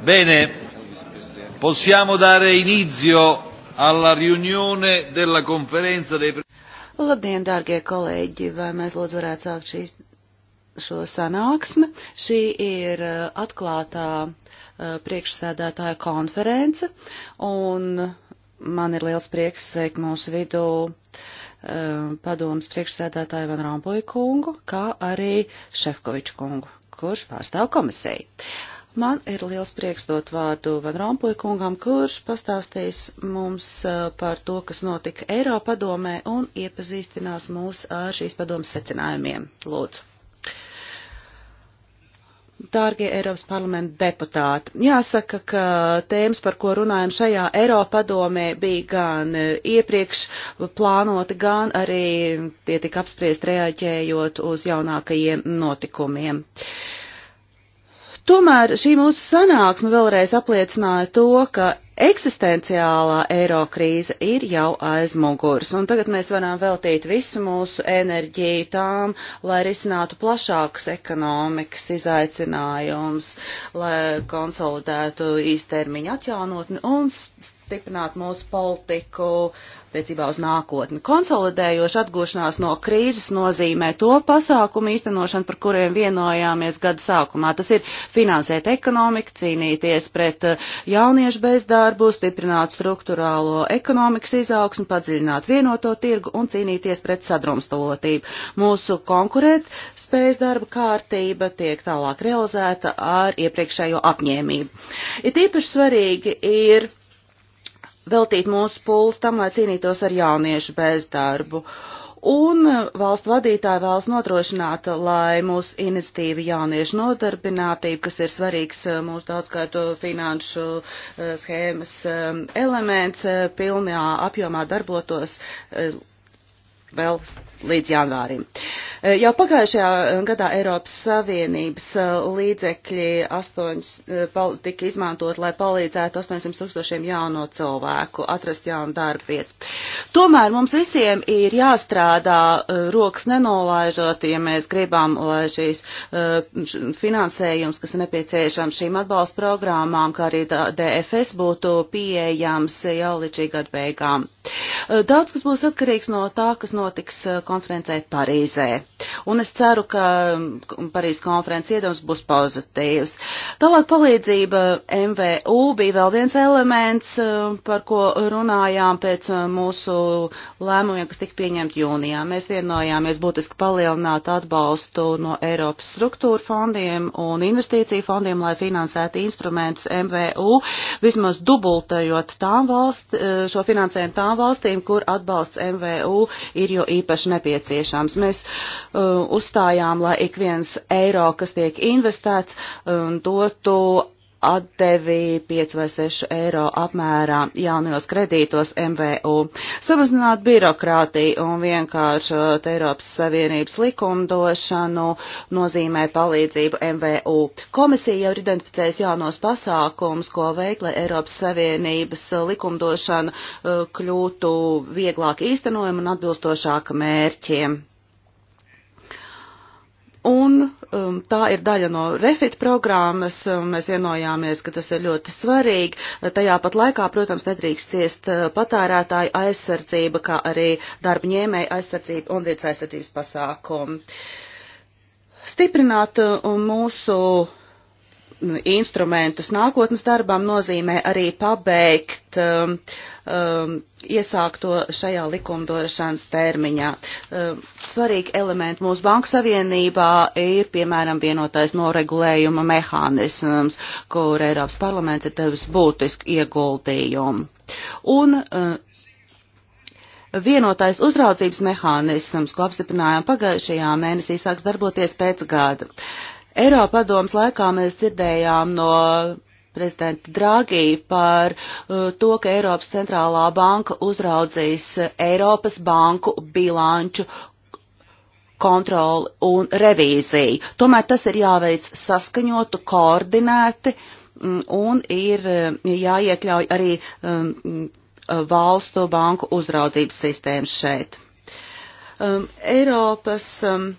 Bene, possiamo dare inizio alla riunione della conferenza dei Labdien, dārgie kolēģi, vai mēs lūdzu varētu sākt šīs, šo sanāksmi? Šī ir uh, atklātā uh, priekšsēdētāja konference, un man ir liels prieks sveikt mūsu vidū uh, padomas priekšsēdētāju Van Rompuju kungu, kā arī Šefkoviču kungu, kurš pārstāv komisiju. Man ir liels prieks dot vārdu Van Rompuy kungam, kurš pastāstīs mums eh, par to, kas notika Eiropa padomē un iepazīstinās mūs ar šīs padomas secinājumiem. Lūdzu. Dārgie Eiropas parlamenta deputāti, jāsaka, ka tēmas, par ko runājam šajā Eiropa padomē, bija gan eh, iepriekš plānoti, gan arī tie tika apspriest reaģējot uz jaunākajiem notikumiem. Uh, Tomēr šī mūsu sanāksme vēlreiz apliecināja to, ka eksistenciālā eiro krīze ir jau aiz muguras, un tagad mēs varam veltīt visu mūsu enerģiju tām, lai risinātu plašākus ekonomikas izaicinājumus, lai konsolidētu īstermiņu atjaunotni un stiprinātu mūsu politiku attiecībā uz nākotni. Konsolidējoša atgūšanās no krīzes nozīmē to pasākumu īstenošanu, par kuriem vienojāmies gada sākumā. Tas ir finansēt ekonomiku, cīnīties pret eh, jauniešu bezdarbu, stiprināt struktūrālo ekonomikas izaugsmu, padziļināt vienoto tirgu un cīnīties pret sadrumstalotību. Mūsu konkurēt spējas darba kārtība tiek tālāk realizēta ar iepriekšējo apņēmību. It īpaši svarīgi ir veltīt mūsu pūles tam, lai cīnītos ar jauniešu bezdarbu. Un valstu vadītāji vēlas nodrošināt, lai mūsu iniciatīva jauniešu nodarbinātība, kas ir svarīgs eh, mūsu daudzkārto finanšu eh, schēmas eh, elements, pilnā apjomā darbotos vēl līdz janvārim. Uh, Eh, jau pagājušajā eh, gadā Eiropas Savienības eh, līdzekļi astoņus tika izmantot, lai palīdzētu 800 tūkstošiem jauno cilvēku atrast jaunu darbu vietu. Tomēr mums visiem ir jāstrādā rokas nenolaižot, ja mēs gribam, lai šīs finansējums, kas ir nepieciešams šīm atbalsta programmām, kā arī DFS būtu pieejams jau līdz šī gada beigām. Daudz kas būs atkarīgs no tā, kas notiks konferencē Parīzē. Un es ceru, ka Parīzes konferences iedams būs pozitīvs. Tālāk palīdzība MVU bija vēl viens elements, eh, par ko runājām pēc eh, mūsu lēmumiem, kas tika pieņemti jūnijā. Mēs vienojāmies būtiski palielināt atbalstu no Eiropas struktūra fondiem un investīciju fondiem, lai finansētu instrumentus MVU, vismaz dubultajot tām valst, eh, šo finansējumu tām valstīm, kur atbalsts MVU ir jo īpaši nepieciešams. Mēs Uh, uzstājām, lai ik viens eiro, kas tiek investēts, um, dotu atdevi 5 vai 6 eiro apmērā jaunajos kredītos MVU. Samazināt birokrātiju un vienkāršot uh, Eiropas Savienības likumdošanu nozīmē palīdzību MVU. Komisija jau ir identificējusi jaunos pasākums, ko veikt, lai Eiropas Savienības likumdošana uh, kļūtu vieglāk īstenojama un atbilstošāka mērķiem. Un um, tā ir daļa no refit programmas, um, mēs vienojāmies, ka tas ir ļoti svarīgi. Tajā pat laikā, protams, nedrīkst ciest uh, patērētāju aizsardzība, kā arī darbņēmēja aizsardzība un vidas aizsardzības pasākumi. Stiprināt uh, mūsu instrumentus nākotnes darbām nozīmē arī pabeigt um, um, iesākto šajā likumdošanas termiņā. Um, svarīgi elementi mūsu banku savienībā ir, piemēram, vienotais noregulējuma mehānisms, kur Eiropas parlaments ir devis būtisku ieguldījumu. Un um, Vienotais uzraudzības mehānisms, ko apstiprinājām pagājušajā mēnesī, sāks darboties pēc gada. Uh, Eiropadomas laikā mēs dzirdējām no prezidenta Dragī par uh, to, ka Eiropas centrālā banka uzraudzīs Eiropas banku bilanču kontroli un revīziju. Tomēr tas ir jāveic saskaņotu, koordinēti mm, un ir uh, jāiekļauj arī um, valstu banku uzraudzības sistēmas šeit. Um, Eiropas um,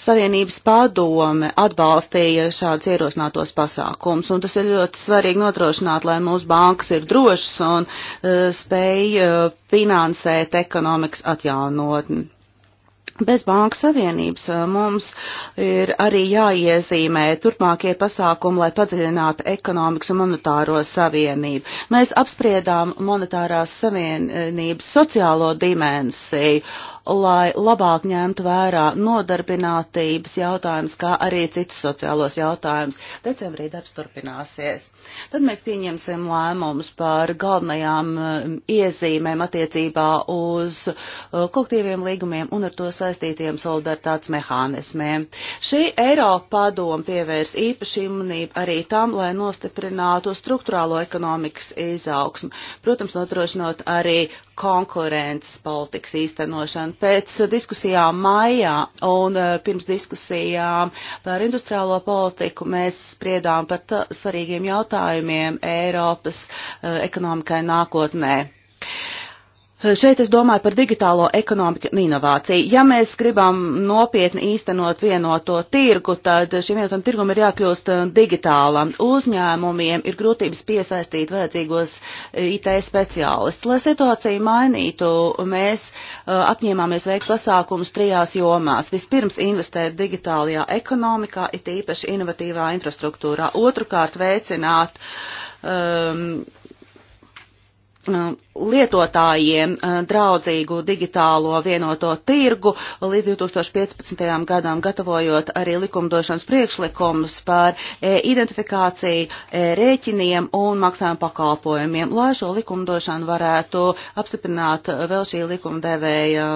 Savienības padome atbalstīja šādus ierosinātos pasākums, un tas ir ļoti svarīgi nodrošināt, lai mūsu bankas ir drošas un uh, spēj uh, finansēt ekonomikas atjaunotni. Bez Banku Savienības eh, mums ir arī jāiezīmē turpmākie pasākumi, lai padziļinātu ekonomikas un monetāro savienību. Mēs apspriedām monetārās savienības sociālo dimensiju lai labāk ņemtu vērā nodarbinātības jautājumus, kā arī citus sociālos jautājumus. Decembrī darbs turpināsies. Tad mēs pieņemsim lēmumus par galvenajām um, iezīmēm attiecībā uz uh, kolektīviem līgumiem un ar to saistītiem solidaritātes mehānismiem. Šī Eiropa padoma pievērs īpaši imunību arī tam, lai nostiprinātu struktūrālo ekonomikas izaugsmu, protams, nodrošinot arī konkurences politikas īstenošanu. Pēc eh, diskusijām maijā un eh, pirms diskusijām par industriālo politiku mēs spriedām par svarīgiem jautājumiem Eiropas eh, ekonomikai nākotnē. Eh, šeit es domāju par digitālo ekonomiku un inovāciju. Ja mēs gribam nopietni īstenot vienoto tirgu, tad šim vienotam tirgum ir jākļūst eh, digitālam. Uzņēmumiem ir grūtības piesaistīt vajadzīgos eh, IT speciālistus. Lai situāciju mainītu, mēs apņēmāmies veikt pasākumus trijās jomās. Vispirms investēt digitālajā ekonomikā, it īpaši inovatīvā infrastruktūrā. Otrukārt veicināt um, Um, lietotājiem uh, draudzīgu digitālo vienoto tirgu līdz 2015. gadam gatavojot arī likumdošanas priekšlikumus par identifikāciju rēķiniem un maksājumu pakalpojumiem, lai šo likumdošanu varētu apstiprināt vēl šī likumdevēja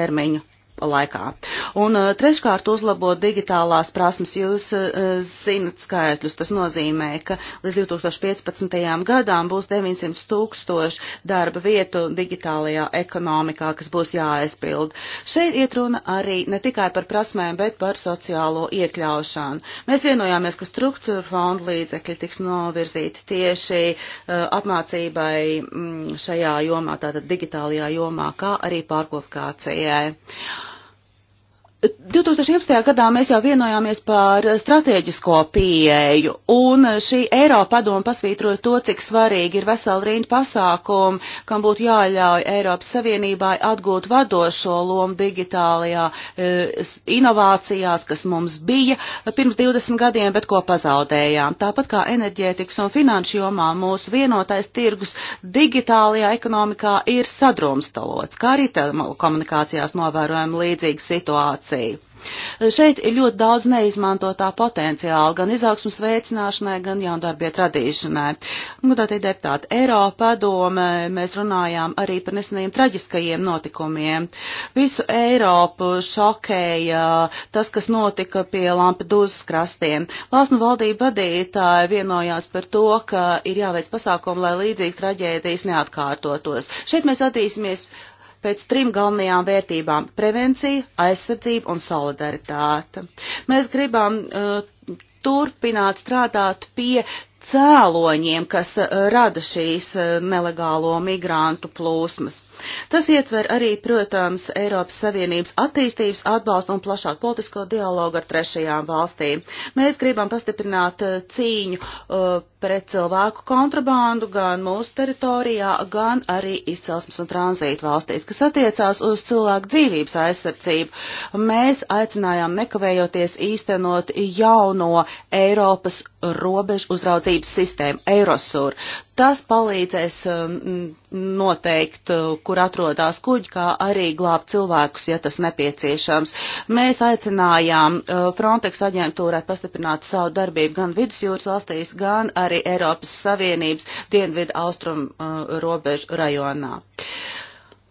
termiņu laikā. Un eh, treškārt uzlabot digitālās prasmes, jūs eh, zinat skaitļus, tas nozīmē, ka līdz 2015. gadām būs 900 tūkstoši darba vietu digitālajā ekonomikā, kas būs jāaizpild. Šeit iet runa arī ne tikai par prasmēm, bet par sociālo iekļaušanu. Mēs vienojāmies, ka struktūra fonda līdzekļi tiks novirzīti tieši uh, apmācībai m, mm, šajā jomā, tātad digitālajā jomā, kā arī pārkvalifikācijai. 2011. gadā mēs jau vienojāmies par strateģisko pieeju, un šī Eiropa padoma pasvītroja to, cik svarīgi ir vesela rinda pasākumu, kam būtu jāļauj Eiropas Savienībai atgūt vadošo lomu digitālajā e, inovācijās, kas mums bija pirms 20 gadiem, bet ko pazaudējām. Tāpat kā enerģētikas un finanšu jomā mūsu vienotais tirgus digitālajā ekonomikā ir sadrumstalots, kā arī telekomunikācijās novērojam līdzīgu situāciju Turciju. Šeit ir ļoti daudz neizmantotā potenciāla gan izaugsmas veicināšanai, gan jaundarbiet radīšanai. Gudātie deputāti, Eiropa padome, mēs runājām arī par nesenajiem traģiskajiem notikumiem. Visu Eiropu šokēja tas, kas notika pie Lampedūzas krastiem. Valsts un valdība vadītāji vienojās par to, ka ir jāveic pasākumu, lai līdzīgas traģēdijas neatkārtotos. Šeit mēs attīsimies pēc trim galvenajām vērtībām - prevencija, aizsardzība un solidaritāte. Mēs gribam uh, turpināt strādāt pie cēloņiem, kas eh, rada šīs eh, nelegālo migrantu plūsmas. Tas ietver arī, protams, Eiropas Savienības attīstības atbalstu un plašāk politisko dialogu ar trešajām valstīm. Mēs gribam pastiprināt eh, cīņu pret cilvēku kontrabandu gan mūsu teritorijā, gan arī izcelsmes un tranzītu valstīs, kas attiecās uz cilvēku dzīvības aizsardzību. Mēs aicinājām nekavējoties īstenot jauno Eiropas robežu uzraudzību tirzniecības sistēmu Eurosur. Tas palīdzēs um, noteikt, uh, kur atrodas kuģi, kā arī glābt cilvēkus, ja tas nepieciešams. Mēs aicinājām uh, Frontex aģentūrai pastiprināt savu darbību gan vidusjūras valstīs, gan arī Eiropas Savienības dienvidu austrumu uh, robežu rajonā. Uh,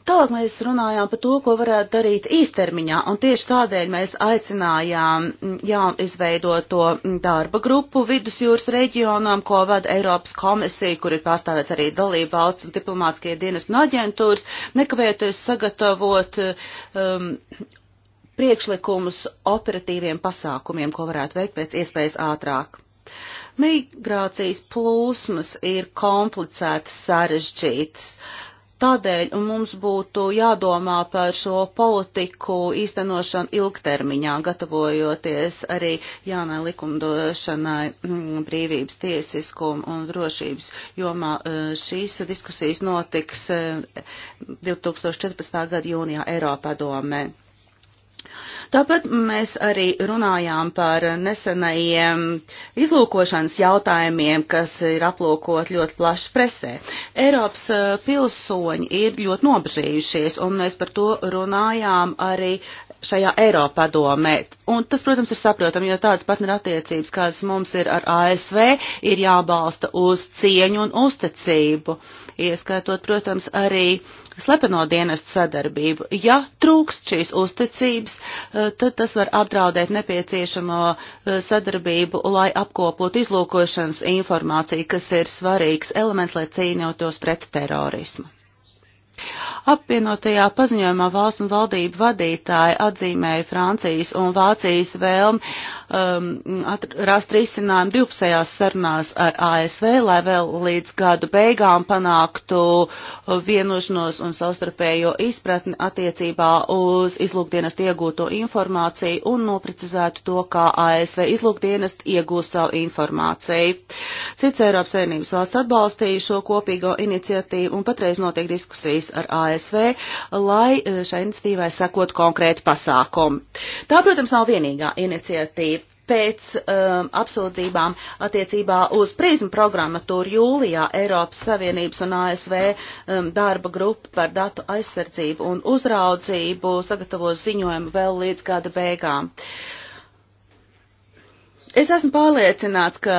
Tālāk mēs runājām par to, ko varētu darīt īstermiņā, un tieši tādēļ mēs aicinājām mm, jāizveidot to mm, darba grupu vidusjūras reģionām, ko vada Eiropas komisija, kur ir pārstāvēts arī dalība valsts un diplomātskie dienas un aģentūras, nekavēties sagatavot um, priekšlikumus operatīviem pasākumiem, ko varētu veikt pēc iespējas ātrāk. Migrācijas plūsmas ir komplicētas, sarežģītas. Uh, Tādēļ mums būtu jādomā par šo politiku īstenošanu ilgtermiņā, gatavojoties arī jaunai likumdošanai mm, brīvības, tiesiskuma un drošības jomā. Eh, šīs diskusijas notiks eh, 2014. gada jūnijā Eiropā domē. Tāpat mēs arī runājām par nesenajiem izlūkošanas jautājumiem, kas ir aplūkot ļoti plaši presē. Eiropas eh, pilsoņi ir ļoti nobežījušies, un mēs par to runājām arī šajā Eiropā domē. Un tas, protams, ir saprotami, jo tādas partnerattiecības, kādas mums ir ar ASV, ir jābalsta uz cieņu un uzticību, ieskaitot, protams, arī slepeno dienestu sadarbību. Ja trūkst šīs uzticības, eh, tad tas var apdraudēt nepieciešamo eh, sadarbību, lai apkopotu izlūkošanas informāciju, kas ir svarīgs elements, lai cīnītos pret terorismu. Apvienotajā paziņojumā valsts un valdību vadītāji atzīmēja Francijas un Vācijas vēlmi um, rast risinājumu divpusējās sarunās ar ASV, lai vēl līdz gadu beigām panāktu vienošanos un savstarpējo izpratni attiecībā uz izlūkdienas iegūto informāciju un noprecizētu to, kā ASV izlūkdienas iegūst savu informāciju. Cits Eiropas Savienības valsts atbalstīja šo kopīgo iniciatīvu un patreiz notiek diskusijas sarunas ar ASV, lai e, šai iniciatīvai sekot konkrēti pasākumi. Tā, protams, nav vienīgā iniciatīva pēc um, apsūdzībām attiecībā uz prizmu programmatūru jūlijā Eiropas Savienības un ASV um, e, darba grupa par datu aizsardzību un uzraudzību sagatavos ziņojumu vēl līdz gada beigām. Es esmu pārliecināts, ka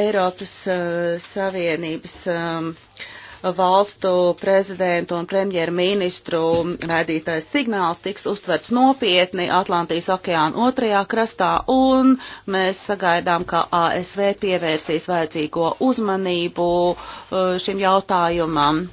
Eiropas uh, Savienības um, uh, valstu prezidentu un premjerministru vēdītais signāls tiks uztverts nopietni Atlantijas okeāna otrajā krastā, un mēs sagaidām, ka ASV pievērsīs vajadzīgo uzmanību uh, šim jautājumam.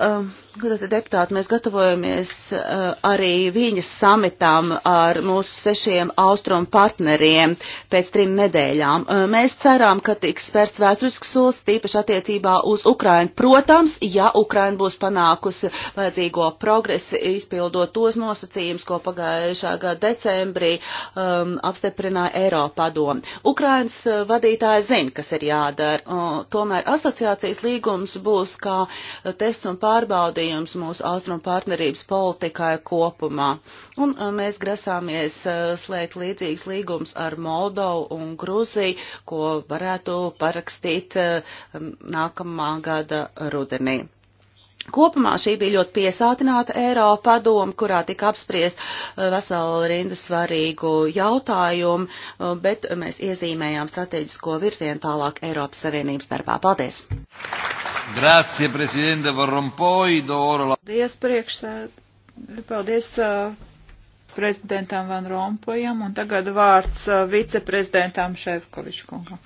Um Godātie deputāti, mēs gatavojamies uh, arī viņas samitām ar mūsu sešiem austrumu partneriem pēc trim nedēļām. Uh, mēs cerām, ka tiks spērts vēsturisks solis tīpaši attiecībā uz Ukrainu. Protams, ja Ukraina būs panākusi vajadzīgo progresu, izpildot tos nosacījumus, ko pagājušā gada decembrī um, apstiprināja Eiropadoma. Ukrainas eh, vadītāji zina, kas ir jādara. Uh, tomēr asociācijas līgums būs kā tests un pārbaudi ieguldījums mūsu austrumu partnerības politikai kopumā. Un uh, mēs grasāmies uh, slēgt līdzīgs līgums ar Moldovu un Gruziju, ko varētu parakstīt uh, um, nākamā gada rudenī. Kopumā šī bija ļoti piesātināta Eiropa padoma, kurā tika apspriest eh, vesela rinda svarīgu jautājumu, eh, bet mēs iezīmējām strateģisko virzienu tālāk Eiropas Savienības darbā. Paldies! Grazie, prezidente Varrompoi, Doro. Paldies, priekšsēd. Paldies uh, prezidentam Van Rompojam un tagad vārds uh, viceprezidentam Šefkovičkungam.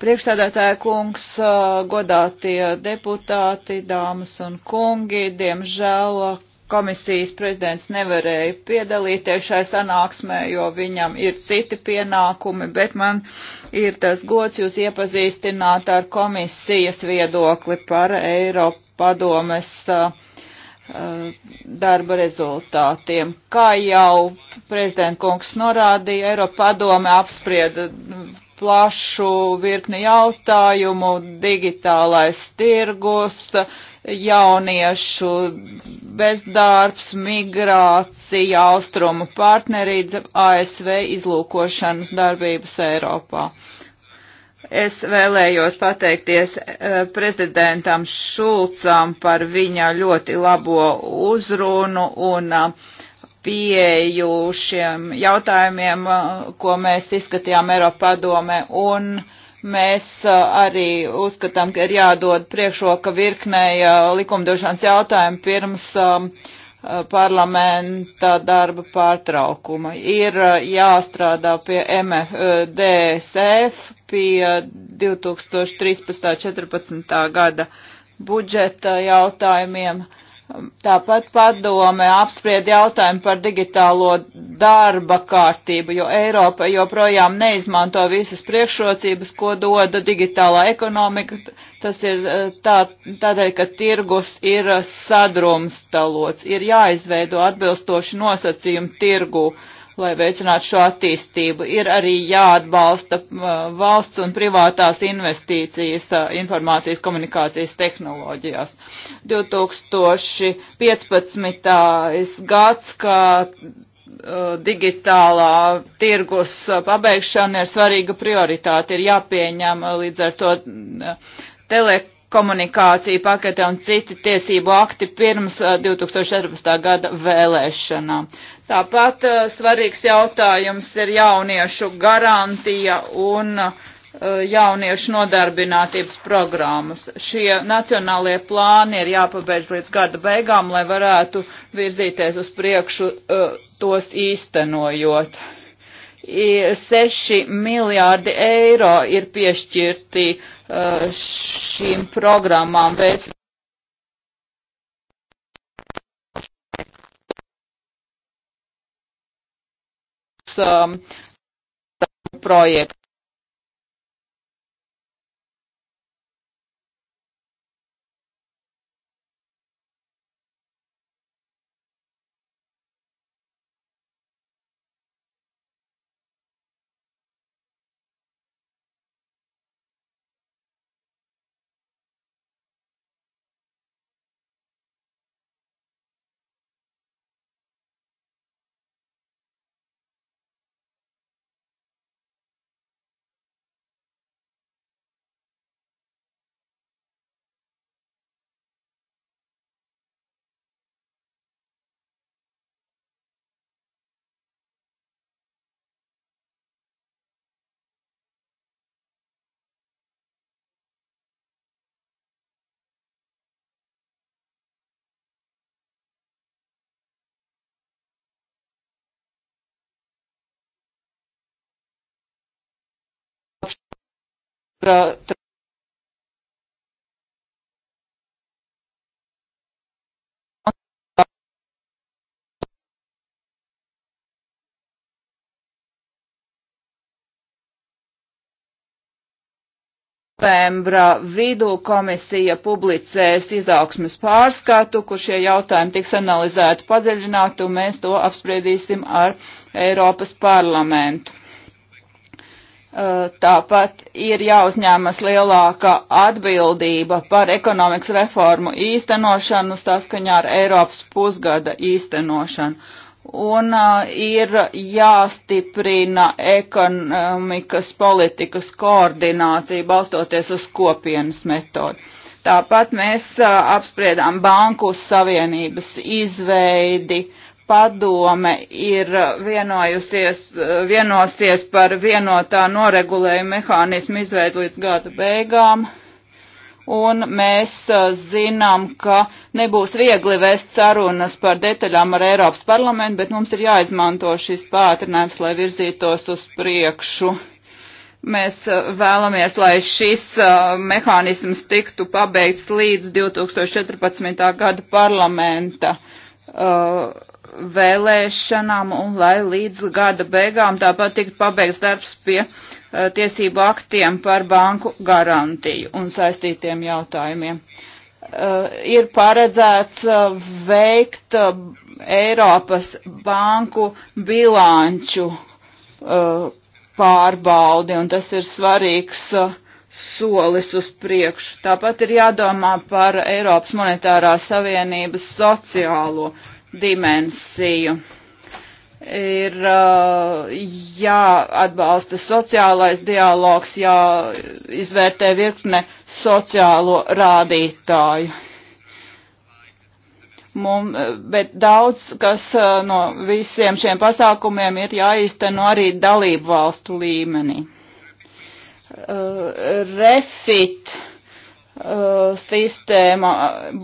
Priekšstādātāja kungs, godātie deputāti, dāmas un kungi, diemžēl komisijas prezidents nevarēja piedalīties šai sanāksmē, jo viņam ir citi pienākumi, bet man ir tas gods jūs iepazīstināt ar komisijas viedokli par Eiropa padomes uh, darba rezultātiem. Kā jau prezidentkungs norādīja, Eiropa padome apsprieda plašu virkni jautājumu, digitālais tirgus, jauniešu bezdarbs, migrācija, austrumu partnerīdze, ASV izlūkošanas darbības Eiropā. Es vēlējos pateikties eh, prezidentam Šulcam par viņa ļoti labo uzrunu un uh, pieeju šiem jautājumiem, uh, ko mēs izskatījām Eiropā domē, un mēs uh, arī uzskatām, ka ir jādod priekšroka virknēja uh, likumdošanas jautājumu pirms um, parlamenta darba pārtraukuma. Ir jāstrādā pie MFDSF, pie 2013. 14. gada budžeta jautājumiem. Uh, Tāpat padome apspried jautājumu par digitālo darba kārtību, jo Eiropa joprojām neizmanto visas priekšrocības, ko doda digitālā ekonomika. Tas ir e, tā, tādēļ, ka tirgus ir sadrumstalots, ir jāizveido atbilstoši nosacījumi tirgu. Uh, lai veicinātu šo attīstību. Ir arī jāatbalsta valsts un privātās investīcijas informācijas komunikācijas tehnoloģijās. 2015. gads, kā digitālā tirgus pabeigšana ir svarīga prioritāte, ir jāpieņem līdz ar to telekomunikācijas komunikācija pakete un citi tiesību akti pirms 2014. Uh, gada vēlēšanām. Tāpat uh, svarīgs jautājums ir jauniešu garantija un uh, jauniešu nodarbinātības programmas. Šie nacionālie plāni ir jāpabeidz līdz gada beigām, lai varētu virzīties uz priekšu tos īstenojot 6 miljārdi eiro ir piešķirti uh, šīm programmām veids. Um, projektu. tra, tra, novembra vidū komisija publicēs izaugsmes pārskatu, kur šie jautājumi tiks analizēti padziļināti, un mēs to apspriedīsim ar Eiropas parlamentu. Eh, tāpat ir jāuzņemas lielāka atbildība par ekonomikas reformu īstenošanu saskaņā ar Eiropas pusgada īstenošanu. Un uh, ir jāstiprina ekonomikas politikas koordinācija balstoties uz kopienas metodu. Tāpat mēs uh, apspriedām banku savienības izveidi, uh, padome ir vienojusies, vienosies par vienotā noregulējuma mehānismu izveidu līdz gada beigām. Un mēs zinām, ka nebūs viegli vēst sarunas par detaļām ar Eiropas parlamentu, bet mums ir jāizmanto šis pātrinājums, lai virzītos uz priekšu. Mēs vēlamies, lai šis mehānisms tiktu pabeigts līdz 2014. gada parlamenta uh, vēlēšanām un lai līdz gada beigām tāpat tiktu pabeigts darbs pie uh, tiesību aktiem par banku garantiju un saistītiem jautājumiem. Uh, ir paredzēts uh, veikt Eiropas banku bilanču pārbaudi, un tas ir svarīgs solis uz priekšu. Tāpat ir jādomā par Eiropas monetārās savienības sociālo dimensiju. Ir uh, jāatbalsta sociālais dialogs, jāizvērtē virkne sociālo rādītāju. Mum, bet daudz, kas uh, no visiem šiem pasākumiem ir jāīsteno arī dalību valstu līmenī. Uh, refit sistēma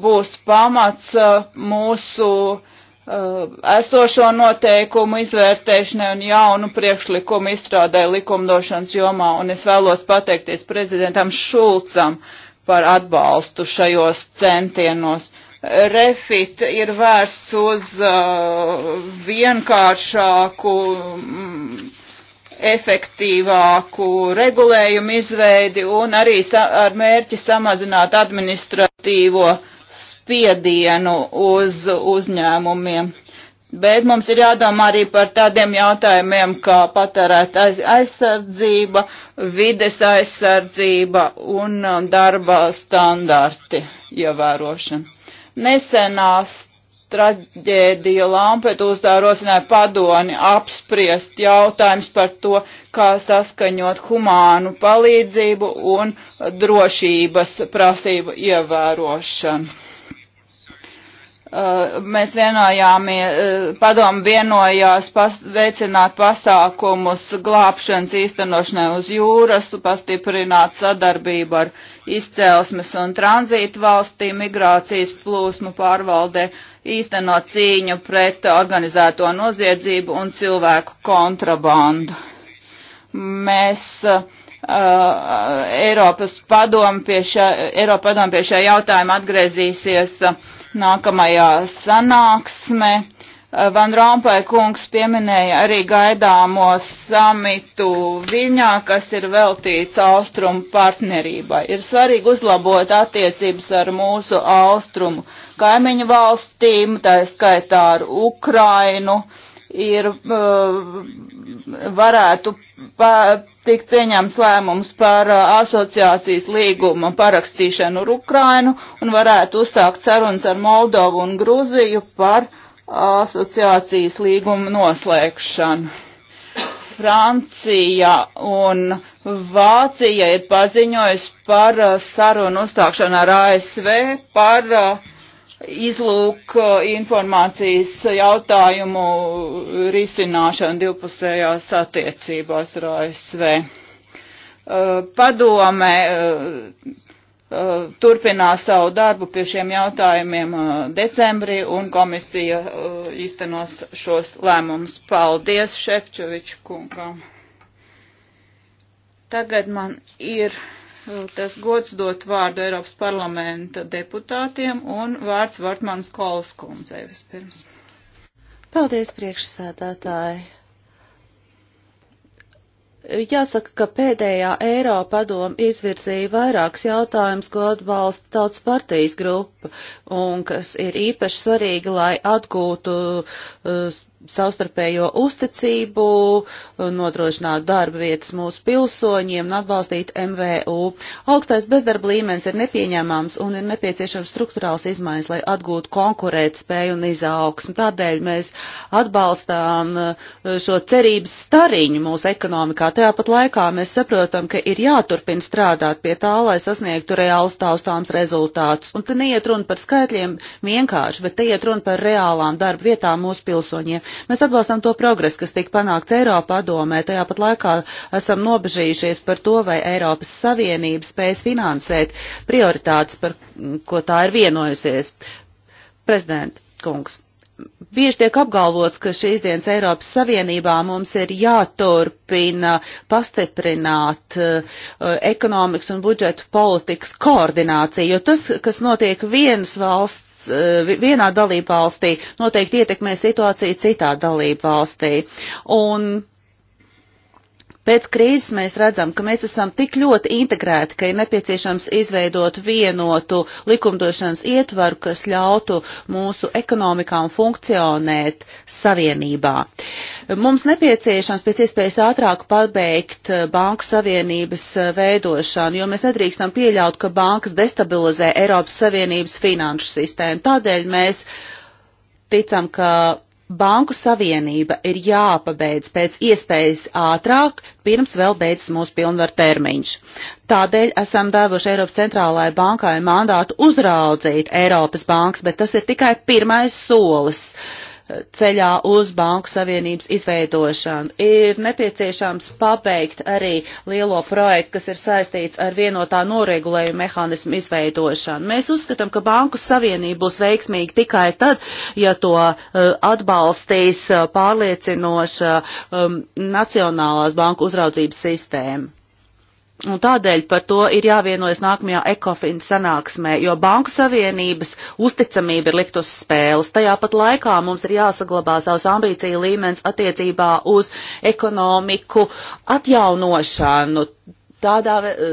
būs pamats mūsu uh, Uh, esošo noteikumu izvērtēšanai un jaunu priekšlikumu izstrādē likumdošanas jomā, un es vēlos pateikties prezidentam Šulcam par atbalstu šajos centienos. Refit ir vērsts uz uh, vienkāršāku, mm, efektīvāku regulējumu izveidi un arī ar mērķi samazināt administratīvo uh, spiedienu uz uzņēmumiem. Bet mums ir jādomā arī par tādiem jautājumiem, kā patērēt aiz, aizsardzība, vides aizsardzība un um, darba standarti ievērošana. Nesenās traģēdija Lampedūzā rosināja padoni apspriest jautājums par to, kā saskaņot humānu palīdzību un drošības prasību ievērošanu. Eh, mēs vienojāmies, eh, padomu vienojās pas, veicināt pasākumus glābšanas īstenošanai uz jūras, pastiprināt sadarbību ar izcēlesmes un tranzītu valstīm, migrācijas plūsmu pārvaldē, īstenot cīņu pret organizēto noziedzību un cilvēku kontrabandu. Mēs uh, Eiropas padomu pie šā, Eiropa padomu pie šā jautājuma atgriezīsies uh, nākamajā sanāksmē. Eh, Van Rompai kungs pieminēja arī gaidāmo samitu Viļņā, kas ir veltīts austrumu partnerībai. Ir svarīgi uzlabot attiecības ar mūsu austrumu kaimiņu valstīm, tā skaitā ar Ukrainu. Uh, ir uh, varētu tikt pieņemts lēmums par uh, asociācijas līguma parakstīšanu ar Ukrainu un varētu uzsākt sarunas ar Moldovu un Gruziju par asociācijas līguma noslēgšanu. Francija un Vācija ir paziņojusi par uh, sarunu uzstākšanu ar ASV par uh, izlūk informācijas jautājumu risināšanu divpusējās attiecībās ar ASV. Uh, padome uh, uh, turpinās savu darbu pie šiem jautājumiem decembrī un komisija īstenos šos lēmumus. Paldies Šefčoviču kungam. Tagad man ir tas gods dot vārdu Eiropas parlamenta deputātiem un vārds Vartmanas Kolas kundzei vispirms. Paldies, priekšsēdētāji. Jāsaka, ka pēdējā Eiropa padoma izvirzīja vairākus jautājumus, ko atbalsta tautas partijas grupa, un kas ir īpaši svarīgi, lai atgūtu uh, savstarpējo uzticību, nodrošināt darba vietas mūsu pilsoņiem un atbalstīt MVU. Augstais bezdarba līmenis ir nepieņemams un ir nepieciešams struktūrāls izmaiņas, lai atgūtu konkurēt spēju un izaugsmu. Tādēļ mēs atbalstām eh, šo cerības stariņu mūsu ekonomikā. Tajāpat laikā mēs saprotam, ka ir jāturpina strādāt pie tā, lai sasniegtu reālus taustāms rezultātus. Un te neiet runa par skaitļiem vienkārši, bet te iet runa par reālām darba vietām mūsu pilsoņiem Mēs atbalstam to progresu, kas tika panākts Eiropā padomē, tajā pat laikā esam nobežījušies par to, vai Eiropas Savienība spēs finansēt prioritātes, par ko tā ir vienojusies. Prezident kungs, Bieži tiek apgalvots, ka šīs dienas Eiropas Savienībā mums ir jāturpina pastiprināt uh, ekonomikas un budžeta politikas koordināciju, jo tas, kas notiek vienas valsts, uh, vienā dalību valstī, noteikti ietekmē situāciju citā dalību valstī. Un Pēc krīzes mēs redzam, ka mēs esam tik ļoti integrēti, ka ir nepieciešams izveidot vienotu likumdošanas ietvaru, kas ļautu mūsu ekonomikām funkcionēt savienībā. Mums nepieciešams pēc iespējas ātrāk pabeigt banku savienības veidošanu, jo mēs nedrīkstam pieļaut, ka bankas destabilizē Eiropas Savienības finanšu sistēmu. Tādēļ mēs ticam, ka Banku savienība ir jāpabeidz pēc iespējas ātrāk, pirms vēl beidzas mūsu pilnvaru termiņš. Tādēļ esam devuši Eiropas centrālajai bankai mandātu uzraudzīt Eiropas bankas, bet tas ir tikai pirmais solis. Uh, ceļā uz Banku Savienības izveidošanu. Ir nepieciešams pabeigt arī lielo projektu, kas ir saistīts ar vienotā noregulējuma mehānismu izveidošanu. Mēs uzskatām, ka Banku Savienība būs veiksmīga tikai tad, ja to uh, atbalstīs uh, pārliecinoša um, Nacionālās banku uzraudzības sistēma. Un tādēļ par to ir jāvienojas nākamajā ekofina sanāksmē, jo Banku Savienības uzticamība ir likt uz spēles. Tajā pat laikā mums ir jāsaglabā savs ambīciju līmenis attiecībā uz ekonomiku atjaunošanu, tādā eh,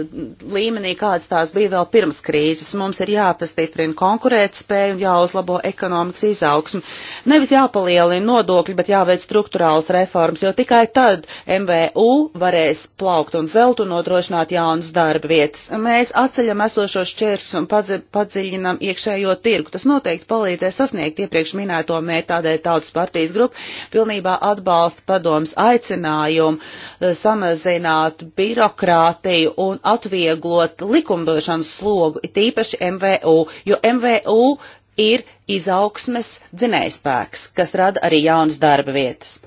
līmenī, kādas tās bija vēl pirms krīzes. Mums ir jāpastiprina konkurētspēja un jāuzlabo ekonomikas izaugsmi. Nevis jāpalielina nodokļi, bet jāveic struktūrāls reformas, jo tikai tad MVU varēs plaukt un zelt un nodrošināt jaunas darba vietas. Mēs atceļam esošos šķēršus un padzi padziļinam iekšējo tirgu. Tas noteikti palīdzēs sasniegt iepriekš minēto mērķi, tādēļ Tautas partijas grupa pilnībā atbalsta padomas aicinājumu eh, samazināt birokrātu birokrātiju un atvieglot likumdošanas slogu, it īpaši MVU, jo MVU ir izaugsmes dzinējspēks, kas rada arī jaunas darba vietas.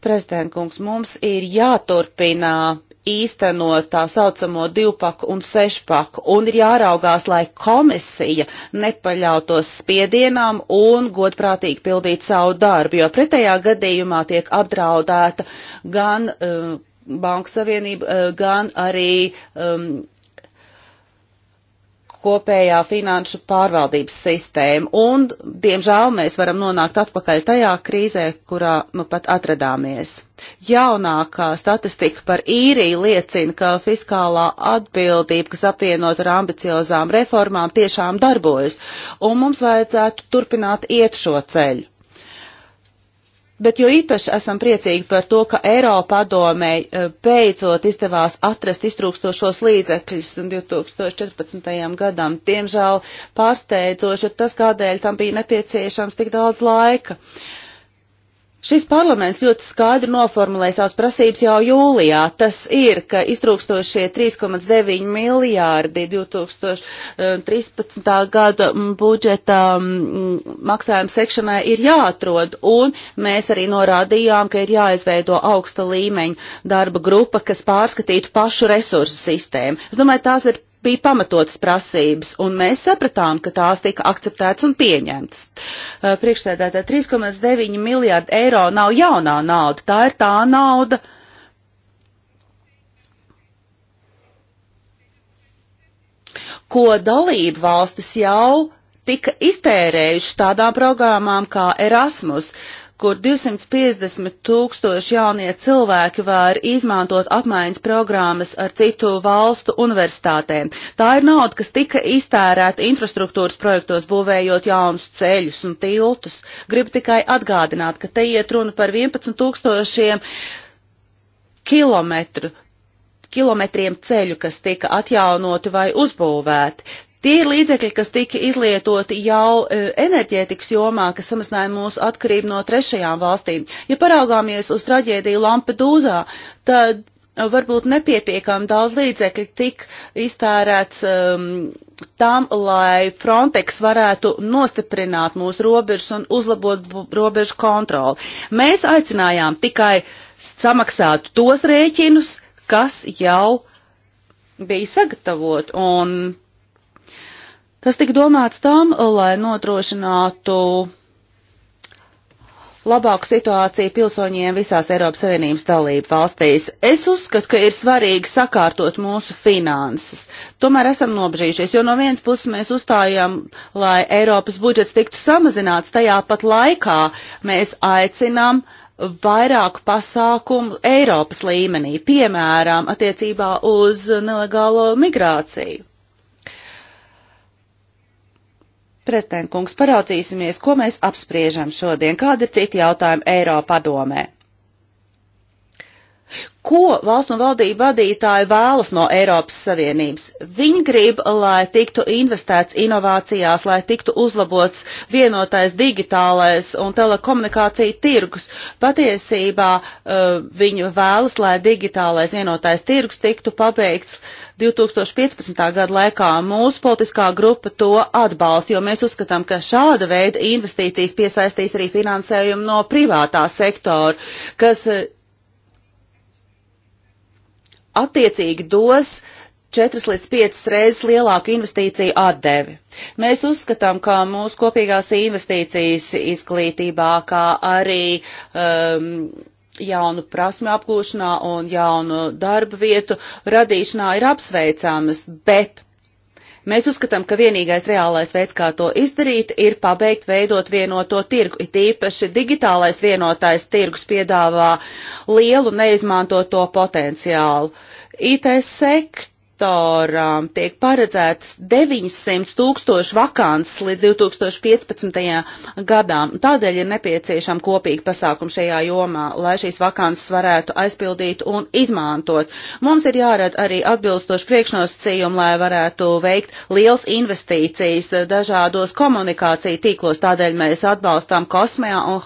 Prezidentkungs, mums ir jāturpinā īstenot tā saucamo divpaku un sešpaku, un ir jāraugās, lai komisija nepaļautos spiedienām un godprātīgi pildītu savu darbu, jo pretējā gadījumā tiek apdraudēta gan uh, Banku Savienību, eh, gan arī um, kopējā finanšu pārvaldības sistēma. Un, diemžēl, mēs varam nonākt atpakaļ tajā krīzē, kurā nu pat atradāmies. Jaunākā statistika par īriju liecina, ka fiskālā atbildība, kas apvienot ar ambiciozām reformām, tiešām darbojas, un mums vajadzētu turpināt iet šo ceļu. Bet jo īpaši esam priecīgi par to, ka Eiropa padomē eh, beidzot izdevās atrast iztrūkstošos līdzekļus 2014. gadam. Diemžēl pārsteidzoši ir tas, kādēļ tam bija nepieciešams tik daudz laika. Uh, Šis parlaments ļoti skaidri noformulēja savas prasības jau jūlijā. Tas ir, ka iztrūkstošie 3,9 miljārdi 2013. Eh, gada budžeta mm, maksājuma sekšanai ir jāatrod, un mēs arī norādījām, ka ir jāizveido augsta līmeņa darba grupa, kas pārskatītu pašu resursu sistēmu. Es domāju, tās ir bija pamatotas prasības, un mēs sapratām, ka tās tika akceptētas un pieņemtas. Uh, Priekšsēdētā 3,9 miljārdi eiro nav jaunā nauda, tā ir tā nauda, ko dalību valstis jau tika iztērējuši tādām programmām kā Erasmus, kur 250 tūkstoši jaunie cilvēki var izmantot apmaiņas programmas ar citu valstu universitātēm. Tā ir nauda, kas tika iztērēta infrastruktūras projektos, būvējot jaunus ceļus un tiltus. Gribu tikai atgādināt, ka te iet runa par 11 tūkstošiem kilometru kilometriem ceļu, kas tika atjaunoti vai uzbūvēti. Tie ir līdzekļi, kas tika izlietoti jau e, enerģētikas jomā, kas samazināja mūsu atkarību no trešajām valstīm. Ja paraugāmies uz traģēdiju Lampedūzā, tad e, varbūt nepiepiekam daudz līdzekļu tik iztērēts um, tam, lai Frontex varētu nostiprināt mūsu robežas un uzlabot robežu kontroli. Mēs aicinājām tikai samaksāt tos rēķinus, kas jau bija sagatavot, un Tas tika domāts tam, lai notrošinātu labāku situāciju pilsoņiem visās Eiropas Savienības dalību valstīs. Es uzskatu, ka ir svarīgi sakārtot mūsu finanses. Tomēr esam nobrīžies, jo no vienas puses mēs uzstājam, lai Eiropas budžets tiktu samazināts, tajā pat laikā mēs aicinām vairāk pasākumu Eiropas līmenī, piemēram, attiecībā uz nelegālo migrāciju. Prezidentkungs, paraudzīsimies, ko mēs apspriežam šodien, kāda ir cita jautājuma Eiropadomē. Ko valsts un valdību vadītāji vēlas no Eiropas Savienības? Viņi grib, lai tiktu investēts inovācijās, lai tiktu uzlabots vienotais digitālais un telekomunikācija tirgus. Patiesībā eh, viņi vēlas, lai digitālais vienotais tirgus tiktu pabeigts 2015. gada laikā. Mūsu politiskā grupa to atbalsta, jo mēs uzskatām, ka šāda veida investīcijas piesaistīs arī finansējumu no privātā sektora, kas eh, attiecīgi dos 4 līdz 5 reizes lielāku investīciju atdevi. Mēs uzskatām, ka mūsu kopīgās investīcijas izglītībā, kā arī um, jaunu prasmu apgūšanā un jaunu darba vietu radīšanā ir apsveicamas, bet Mēs uzskatām, ka vienīgais reālais veids, kā to izdarīt, ir pabeigt veidot vienoto tirgu. It īpaši digitālais vienotais tirgus piedāvā lielu neizmantoto potenciālu. IT sekt sektoram tiek paredzētas 900 tūkstoši vakances līdz 2015. gadām. Tādēļ ir nepieciešama kopīga pasākuma šajā jomā, lai šīs vakances varētu aizpildīt un izmantot. Mums ir jārad arī atbilstoši priekšnosacījumi, lai varētu veikt liels investīcijas dažādos komunikāciju tīklos. Tādēļ mēs atbalstām Kosmejā un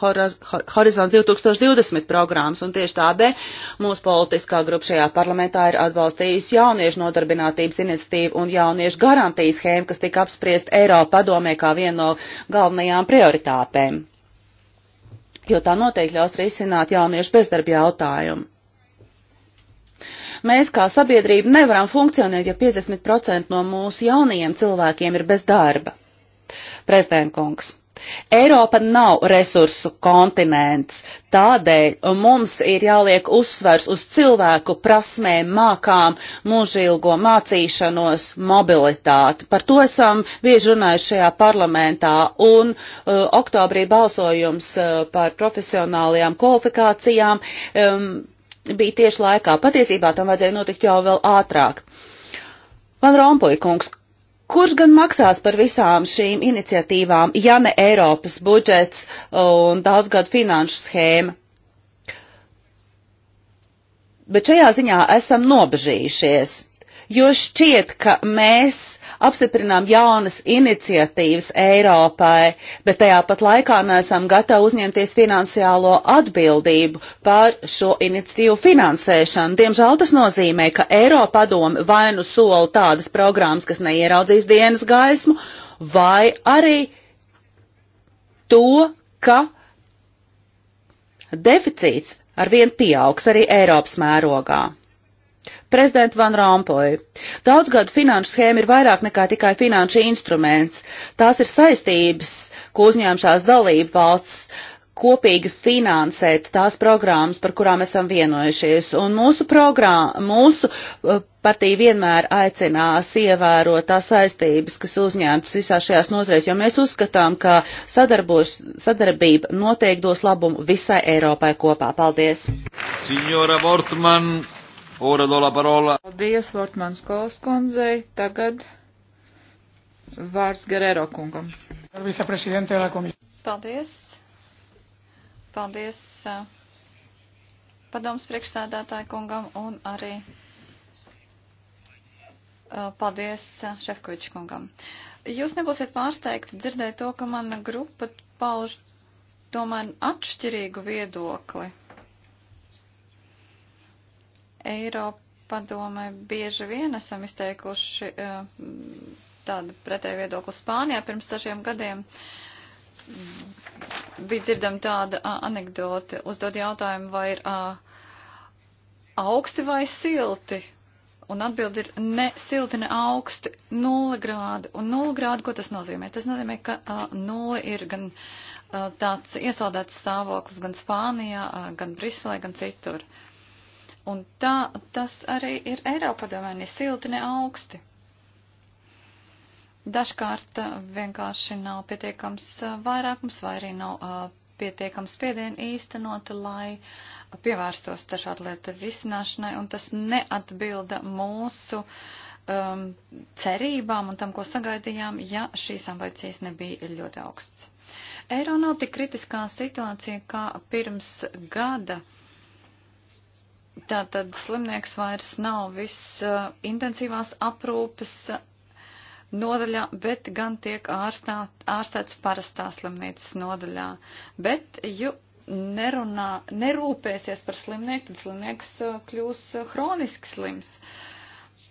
Horizont 2020 programmas, un tieši tādēļ mūsu politiskā grupa šajā parlamentā ir atbalstījusi jauniešu nodarbību nodarbinātības iniciatīva un jauniešu garantijas schēma, kas tika apspriest Eiropa padomē kā viena no galvenajām prioritātēm, jo tā noteikti ļaus risināt jauniešu bezdarba jautājumu. Mēs kā sabiedrība nevaram funkcionēt, ja 50% no mūsu jaunajiem cilvēkiem ir bez darba. Prezidentkungs. Eiropa nav resursu kontinents, tādēļ mums ir jāliek uzsvers uz cilvēku prasmēm, mākām, mūžilgo mācīšanos, mobilitāti. Par to esam bieži runājuši šajā parlamentā, un uh, oktobrī balsojums uh, par profesionālajām kvalifikācijām um, bija tieši laikā. Patiesībā tam vajadzēja notikt jau vēl ātrāk. Van Rompuy kungs, Kurš gan maksās par visām šīm iniciatīvām, ja ne Eiropas budžets un daudzgad finanšu schēma? Bet šajā ziņā esam nobežījušies, jo šķiet, ka mēs apstiprinām jaunas iniciatīvas Eiropai, bet tajā pat laikā neesam gatavi uzņemties finansiālo atbildību par šo iniciatīvu finansēšanu. Diemžēl tas nozīmē, ka Eiropadome vainu sola tādas programmas, kas neieraudzīs dienas gaismu, vai arī to, ka deficīts arvien pieaugs arī Eiropas mērogā. Prezident Van Rompuy, daudzgadu finanšu schēma ir vairāk nekā tikai finanšu instruments. Tās ir saistības, ko uzņēmušās dalību valsts kopīgi finansēt tās programmas, par kurām esam vienojušies. Un mūsu programma, mūsu uh, partija vienmēr aicinās ievērot tās saistības, kas uzņēmtas visās šajās nozarēs, jo mēs uzskatām, ka sadarbos, sadarbība noteikti dos labumu visai Eiropai kopā. Paldies! Signora Vortman, Ora do la parola. Paldies, Vortmans Kolskundzei. Tagad vārds Gerero kungam. Paldies. Paldies eh, padoms priekšsēdētāju kungam un arī eh, paldies eh, Šefkoviča kungam. Jūs nebūsiet pārsteigti dzirdēt to, ka mana grupa pauž tomēr atšķirīgu viedokli Eiropadomē bieži vien esam izteikuši eh, tādu pretēju viedokli Spānijā pirms dažiem gadiem. Bija dzirdama tāda anekdote, uzdod jautājumu, vai ir augsti vai silti. Un atbildi ir ne silti, ne augsti, nulle grādi. Un nulle grādi, ko tas nozīmē? Tas nozīmē, ka uh, nulle ir gan uh, tāds iesaldēts stāvoklis gan Spānijā, uh, gan Briselē, gan citur. Uh, Un tā tas arī ir Eiropadomē, ne silti, ne augsti. Dažkārt uh, vienkārši nav pietiekams uh, vairākums vai arī nav uh, pietiekams spiedienu īstenot, lai pievērstos dažādu lietu risināšanai, un tas neatbilda mūsu um, cerībām un tam, ko sagaidījām, ja šīs ambīcijas nebija ļoti augsts. Eiro nav tik kritiskā situācija kā pirms gada. Uh, Tātad slimnieks vairs nav viss intensīvās aprūpes nodaļā, bet gan tiek ārstāt, ārstēts parastā slimnīcas nodaļā. Bet, ja nerunā, nerūpēsies par slimnieku, tad slimnieks uh, kļūs uh, hroniski slims.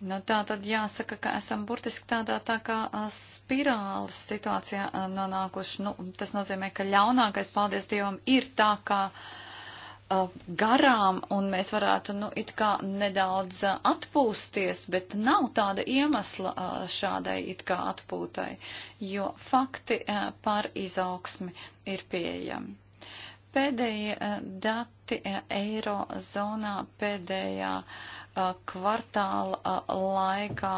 Nu, tā tad jāsaka, ka esam burtiski tādā tā kā uh, spirāles situācijā nonākuši. Nu, tas nozīmē, ka ļaunākais, paldies Dievam, ir tā kā. Uh, Uh, garām un mēs varētu, nu, it kā nedaudz uh, atpūsties, bet nav tāda iemesla uh, šādai it kā atpūtai, jo fakti par izaugsmi ir pieejami. Pēdējie dati eirozonā pēdējā kvartāla laikā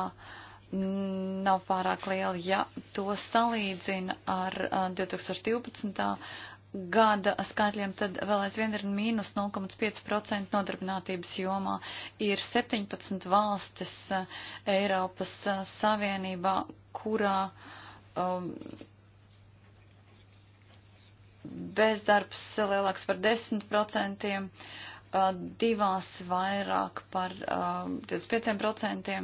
nav pārāk liela, ja to salīdzina ar 2012 gada skaitļiem, tad vēl aizvien ir mīnus 0,5% nodarbinātības jomā. Ir 17 valstis eh, Eiropas eh, Savienībā, kurā um, bezdarbs lielāks par 10%, uh, eh, divās vairāk par uh, 25%.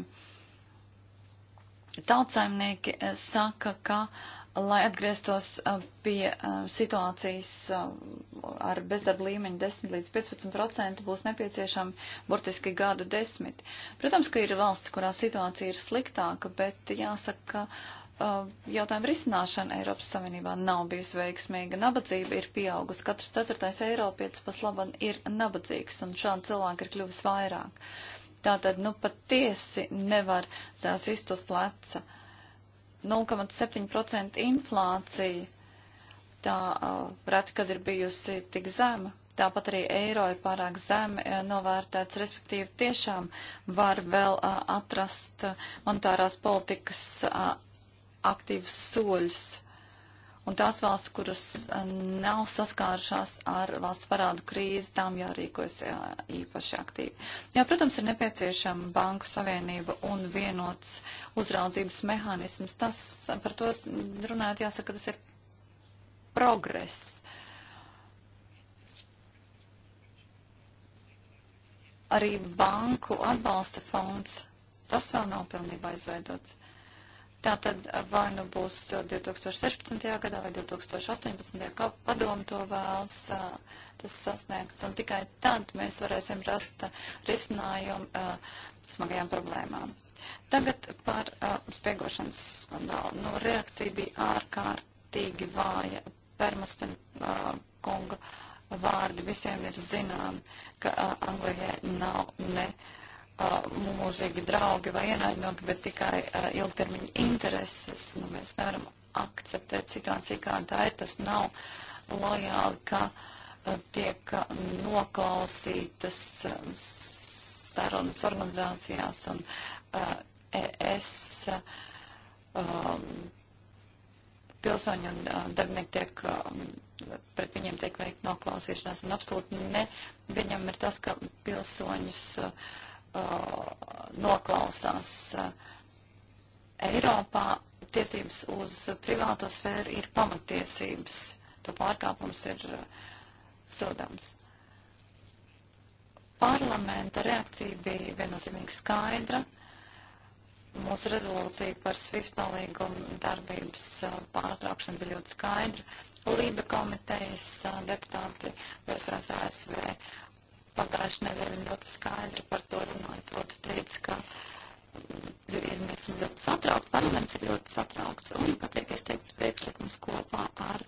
Tautsaimnieki saka, ka uh, lai atgrieztos uh, pie uh, situācijas uh, ar bezdarba līmeņu 10 līdz 15%, būs nepieciešami burtiski gadu desmit. Protams, ka ir valsts, kurā situācija ir sliktāka, bet jāsaka, ka jautājuma risināšana Eiropas Savienībā nav bijusi veiksmīga. Nabadzība ir pieaugusi. Katrs ceturtais eiropietis pas laban ir nabadzīgs, un šādi cilvēki ir kļuvis vairāk. Tātad, nu, patiesi nevar sēsist uz pleca. Uh, 0,7% inflācija. Tā uh, reti, kad ir bijusi tik zema. Tāpat arī eiro ir pārāk zemi novērtēts, respektīvi tiešām var vēl uh, atrast monetārās politikas uh, aktīvus soļus. Uh, Un tās valsts, kuras eh, nav saskārušās ar valsts parādu krīzi, tām jārīkojas jā, eh, īpaši aktīvi. Jā, protams, ir nepieciešama banku savienība un vienots uzraudzības mehānisms. Tas, par to runājot, jāsaka, tas ir progress. Arī banku atbalsta fonds, tas vēl nav pilnībā izveidots. Uh, Tā tad eh, vai nu būs 2016. Eh, gadā vai 2018. kā padomu to vēlas, eh, tas sasniegts, un tikai tad mēs varēsim rast risinājumu smagajām problēmām. Tagad par spiegošanas skandālu. Nu, reakcija bija ārkārtīgi vāja. Permastin kunga vārdi visiem ir zinām, ka Anglijai nav ne. Uh, mūžīgi draugi vai ienaidnieki, bet tikai ilgtermiņa intereses. Nu, mēs nevaram akceptēt situāciju, kā tā ir. Tas nav lojāli, ka tiek noklausītas sarunas organizācijās un ES um, pilsoņi un darbinieki tiek, um, pret viņiem tiek veikt noklausīšanās un absolūti ne. Viņam ir tas, ka pilsoņus uh, Uh, noklausās uh, Eiropā. Tiesības uz privāto sfēru ir pamatiesības. To pārkāpums ir uh, sodāms. Parlamenta reakcija bija viennozīmīgi skaidra. Mūsu rezolūcija par SWIFT nolīgumu darbības pārtraukšanu bija ļoti skaidra. Lība komitejas deputāti vērsās ASV pagājušajā nedēļā ļoti skaidri par to runāja. Proti teica, ka ir, mm, mēs esam ļoti satraukti, parlaments ir ļoti satraukts un, kā tiek izteikts priekšlikums kopā ar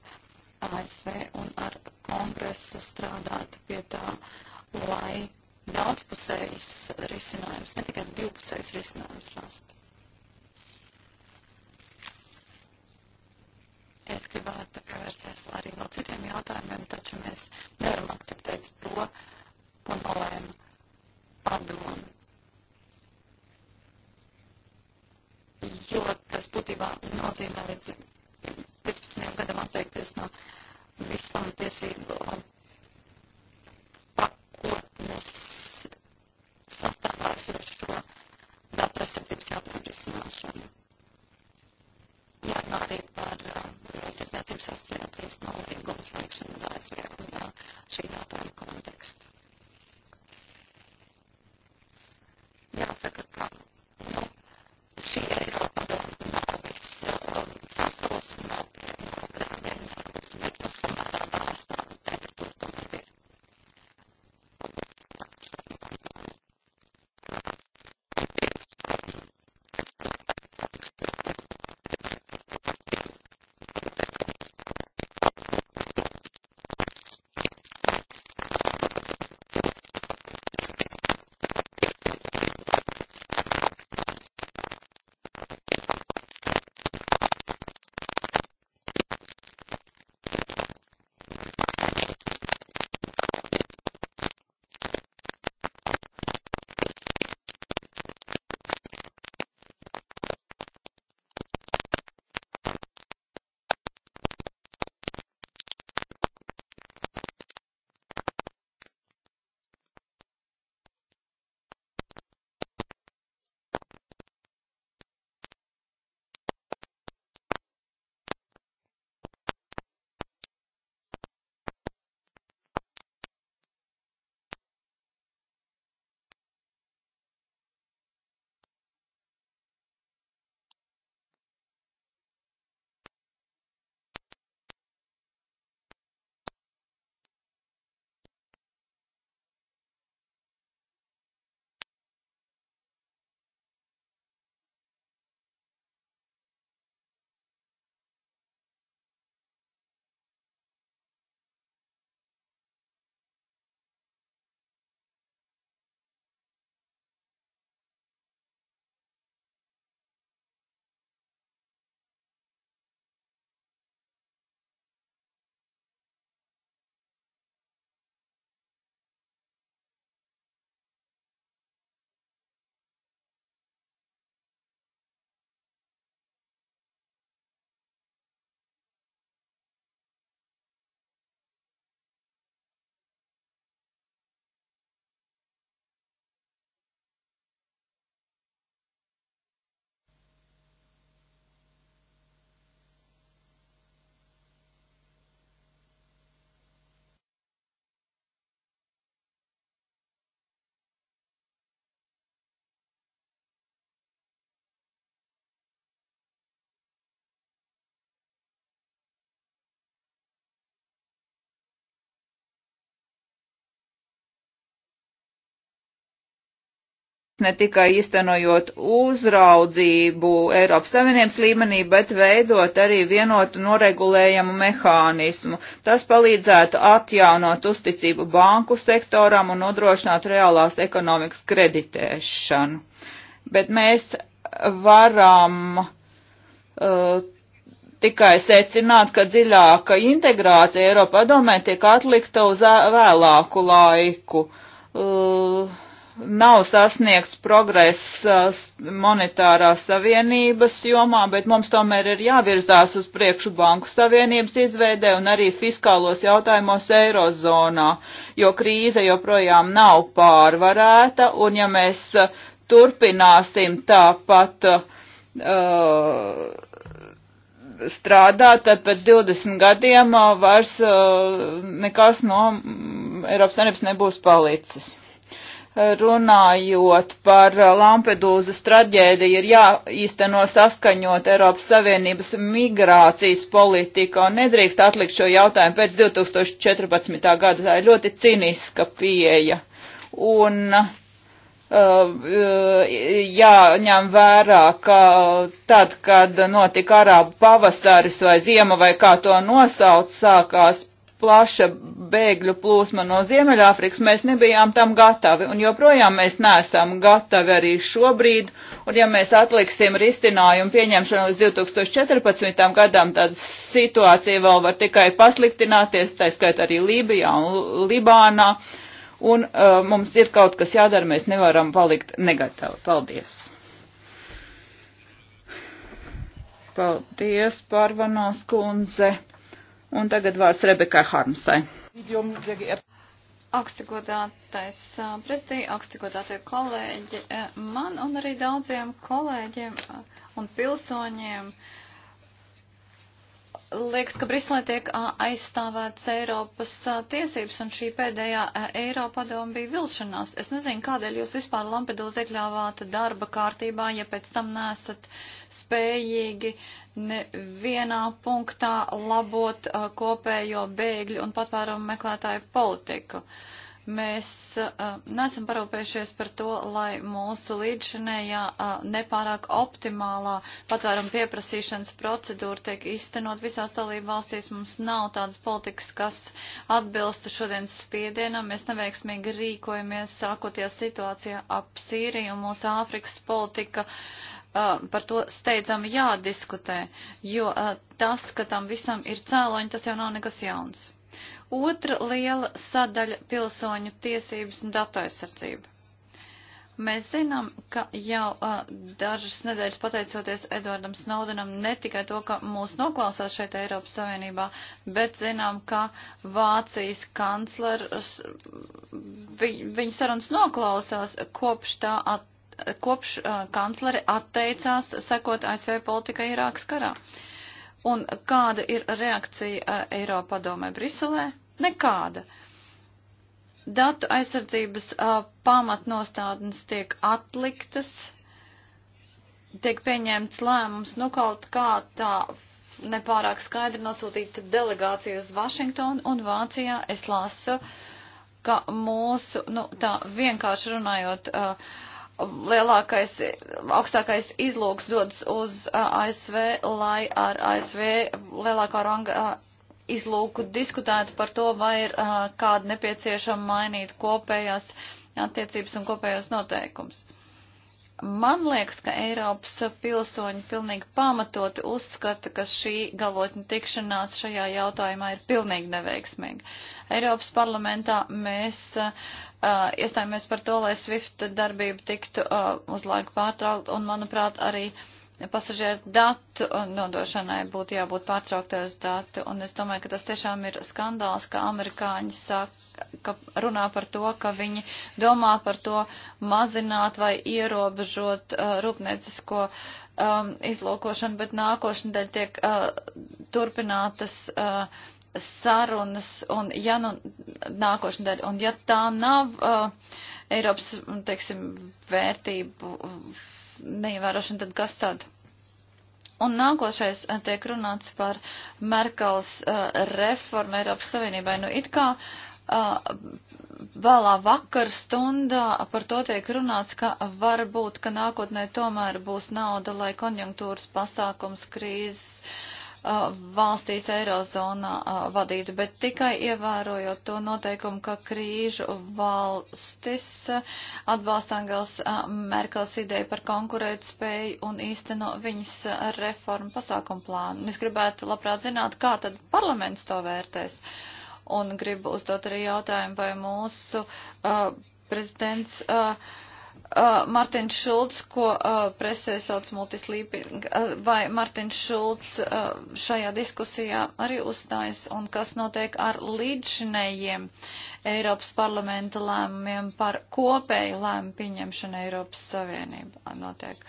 ASV un ar kongresu strādāt pie tā, lai daudzpusējs risinājums, ne tikai divpusējs risinājums rastu. Es gribētu pievērsties arī vēl citiem jautājumiem, taču mēs nevaram akceptēt to, uh, to nolēma padomu. Jo tas būtībā nozīmē līdz 15 gadam atteikties no visām tiesību pakotnes ne tikai īstenojot uzraudzību Eiropas Savienības līmenī, bet veidot arī vienotu noregulējumu mehānismu. Tas palīdzētu atjaunot uzticību banku sektoram un nodrošināt reālās ekonomikas kreditēšanu. Bet mēs varam uh, tikai secināt, ka dziļāka integrācija Eiropa padomē tiek atlikta uz vēlāku laiku. Uh, nav sasniegts progress uh, monetārās savienības jomā, bet mums tomēr ir jāvirzās uz priekšu banku savienības izveidē un arī fiskālos jautājumos eirozonā, jo krīze joprojām nav pārvarēta un ja mēs uh, turpināsim tāpat uh, strādāt, tad pēc 20 gadiem uh, vairs uh, nekas no mm, Eiropas Savienības nebūs palicis runājot par Lampedūzas traģēdiju, ir jāīsteno saskaņot Eiropas Savienības migrācijas politika un nedrīkst atlikt šo jautājumu pēc 2014. gada. Tā ir ļoti ciniska pieeja. Un uh, uh, jāņem vērā, ka tad, kad notika arābu pavasaris vai ziema vai kā to nosauc, sākās plaša bēgļu plūsma no Ziemeļāfrikas, mēs nebijām tam gatavi, un joprojām mēs neesam gatavi arī šobrīd, un ja mēs atliksim risinājumu pieņemšanu līdz 2014. gadam, tad situācija vēl var tikai pasliktināties, tā skait arī Lībijā un Libānā, un uh, mums ir kaut kas jādara, mēs nevaram palikt negatavi. Paldies! Paldies, Parvanos kundze! Un tagad vārds Rebekai Harmsai. Augstigodātais prezidija, augstigodātie kolēģi, man un arī daudziem kolēģiem un pilsoņiem uh, liekas, ka Briselē tiek aizstāvētas Eiropas tiesības, un šī pēdējā Eiropadoma bija vilšanās. Es nezinu, kādēļ jūs vispār Lampedūzi iekļāvāt darba kārtībā, ja pēc tam nesat spējīgi nevienā punktā labot kopējo bēgļu un patvērumu meklētāju politiku. Uh, Mēs uh, neesam parūpējušies par to, lai mūsu līdzinējā uh, eh, nepārāk optimālā patvēruma pieprasīšanas procedūra tiek iztenot visās dalību valstīs. Mums nav tādas politikas, kas atbilstu šodienas spiedienam. Mēs neveiksmīgi rīkojamies sākoties situācijā ap Sīriju un mūsu Āfrikas politika. Uh, par to steidzami jādiskutē, jo uh, tas, ka tam visam ir cēloņi, tas jau nav nekas jauns. Otra liela sadaļa - pilsoņu tiesības un datu aizsardzība. Mēs zinām, ka jau uh, dažas nedēļas pateicoties Edvardam Snowdenam ne tikai to, ka mūs noklausās šeit Eiropas Savienībā, bet zinām, ka Vācijas kanclers vi, viņa sarunas noklausās kopš tā at, kopš uh, kancleri atteicās sekot ASV politikai Irākas karā. Uh, Un kāda ir reakcija uh, Eiropa padomē Briselē? Nekāda. Datu aizsardzības uh, pamatnostādnes tiek atliktas, tiek pieņemts lēmums, nu kaut kā tā nepārāk skaidri nosūtīta delegācija uz Vašingtonu un Vācijā. Es lasu, ka mūsu, nu tā vienkārši runājot, uh, lielākais, augstākais izlūks dodas uz ASV, lai ar ASV lielākā ranga izlūku diskutētu par to, vai ir kāda nepieciešama mainīt kopējās attiecības un kopējos noteikums. Man liekas, ka Eiropas pilsoņi pilnīgi pamatoti uzskata, ka šī galotņa tikšanās šajā jautājumā ir pilnīgi neveiksmīga. Eiropas parlamentā mēs uh, iestājāmies par to, lai SWIFT darbība tiktu uh, uz laiku pārtraukt, un, manuprāt, arī pasažieru datu nodošanai būtu jābūt pārtrauktais datu, un es domāju, ka tas tiešām ir skandāls, ka amerikāņi saka, ka runā par to, ka viņi domā par to mazināt vai ierobežot uh, rūpniecisko um, izlūkošanu, bet nākošnedēļ tiek uh, turpinātas uh, sarunas, un ja nu nākošnedēļ, un ja tā nav uh, Eiropas, teiksim, vērtību neievērošana, tad kas tad? Un nākošais uh, tiek runāts par Merkels uh, reformu Eiropas Savienībai. Nu, it kā uh, vēlā vakar stundā par to tiek runāts, ka varbūt, ka nākotnē tomēr būs nauda, lai konjunktūras pasākums krīzes valstīs Eirozonā vadītu, bet tikai ievērojot to noteikumu, ka krīžu valstis atbalsta Angels Merkels ideju par konkurētspēju un īsteno viņas reformu pasākumu plānu. Es gribētu labprāt zināt, kā tad parlaments to vērtēs. Uh, un gribu uzdot arī jautājumu, vai mūsu uh, prezidents uh, uh, Martins Šulcs, ko uh, presē sauc multislīping, uh, vai Martins Šulcs uh, šajā diskusijā arī uzstājas un kas notiek ar līdzinējiem Eiropas parlamenta lēmumiem par kopēju lēmumu pieņemšanu Eiropas Savienībā notiek.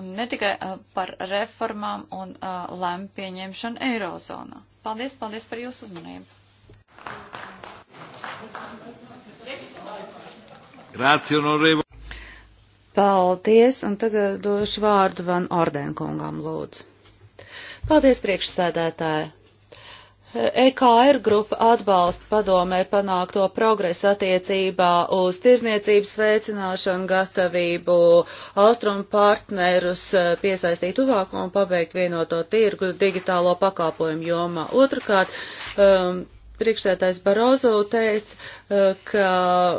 Un ne tikai uh, par reformām un uh, lēmumu pieņemšanu Eirozonā. Paldies, paldies par jūsu uzmanību! Paldies, un tagad došu vārdu Van Ordenkungam, lūdzu. Paldies, priekšsēdētāji. EKR grupa atbalsta padomē panākto progresu attiecībā uz tirzniecības veicināšanu, gatavību austrumu partnerus eh, piesaistīt tuvāko un pabeigt vienoto tirgu digitālo pakāpojumu jomā. Otrakārt, um, priekšsētājs Barozo teica, uh, ka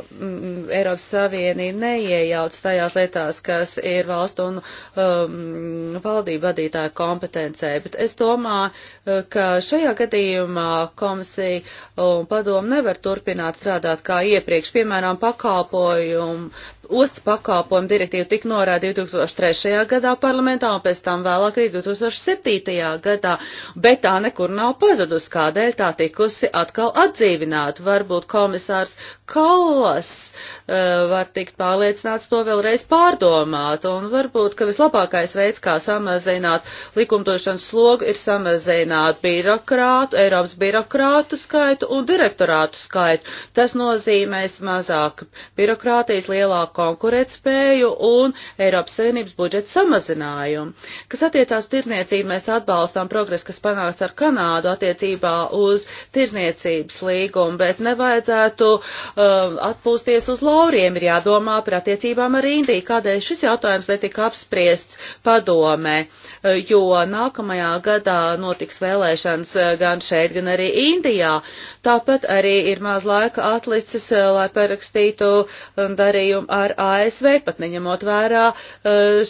mm, Eiropas Savienība neiejauc tajās lietās, kas ir valstu un um, valdību vadītāju kompetencē, bet es domāju, uh, ka šajā gadījumā komisija un padomu nevar turpināt strādāt kā iepriekš, piemēram, pakalpojumu Ostas pakalpojumu direktīva tika norādīta 2003. gadā parlamentā un pēc tam vēlāk arī 2007. gadā, bet tā nekur nav pazudus, kādēļ tā tikusi atkal atdzīvināta. Varbūt komisārs Kallas uh, var tikt pārliecināts to vēlreiz pārdomāt un varbūt, ka vislabākais veids, kā samazināt likumdošanas slogu, ir samazināt birokrātu, Eiropas birokrātu skaitu un direktorātu skaitu. Tas nozīmēs mazāk birokrātijas lielāku konkurētspēju un Eiropas Savienības budžeta samazinājumu. Kas attiecās tirzniecību, mēs atbalstām progresu, kas panāks ar Kanādu attiecībā uz tirzniecības līgumu, bet nevajadzētu um, atpūsties uz lauriem, ir jādomā par attiecībām ar Indiju, kādēļ šis jautājums netika apspriests padomē, uh, jo nākamajā gadā notiks vēlēšanas uh, gan šeit, gan arī Indijā. Tāpat arī ir maz laika atlicis, uh, lai parakstītu um, darījumu ar ar ASV, pat neņemot vērā eh,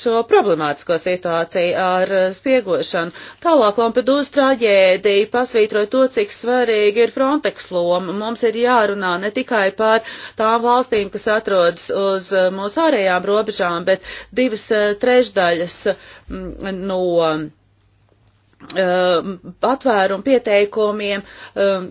šo problemātisko situāciju ar eh, spiegošanu. Tālāk Lampedūras traģēdija pasvītroja to, cik svarīgi ir Frontex loma. Mums ir jārunā ne tikai par tām valstīm, kas atrodas uz eh, mūsu ārējām robežām, bet divas trešdaļas mm, no Um, patvērumu pieteikumiem um,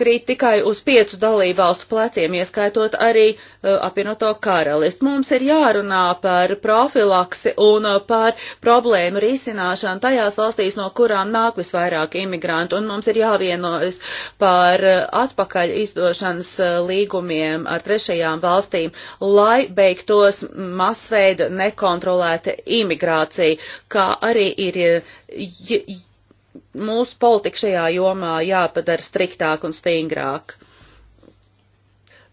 krīt tikai uz piecu dalībvalstu pleciem, ieskaitot arī uh, apvienoto karalistu. Mums ir jārunā par profilaksi un uh, par problēmu risināšanu tajās valstīs, no kurām nāk visvairāk imigrantu, un mums ir jāvienojas par uh, atpakaļ izdošanas līgumiem ar trešajām valstīm, lai beigtos masveida nekontrolēta imigrācija, kā arī ir mūsu politika šajā jomā jāpadara striktāk un stingrāk.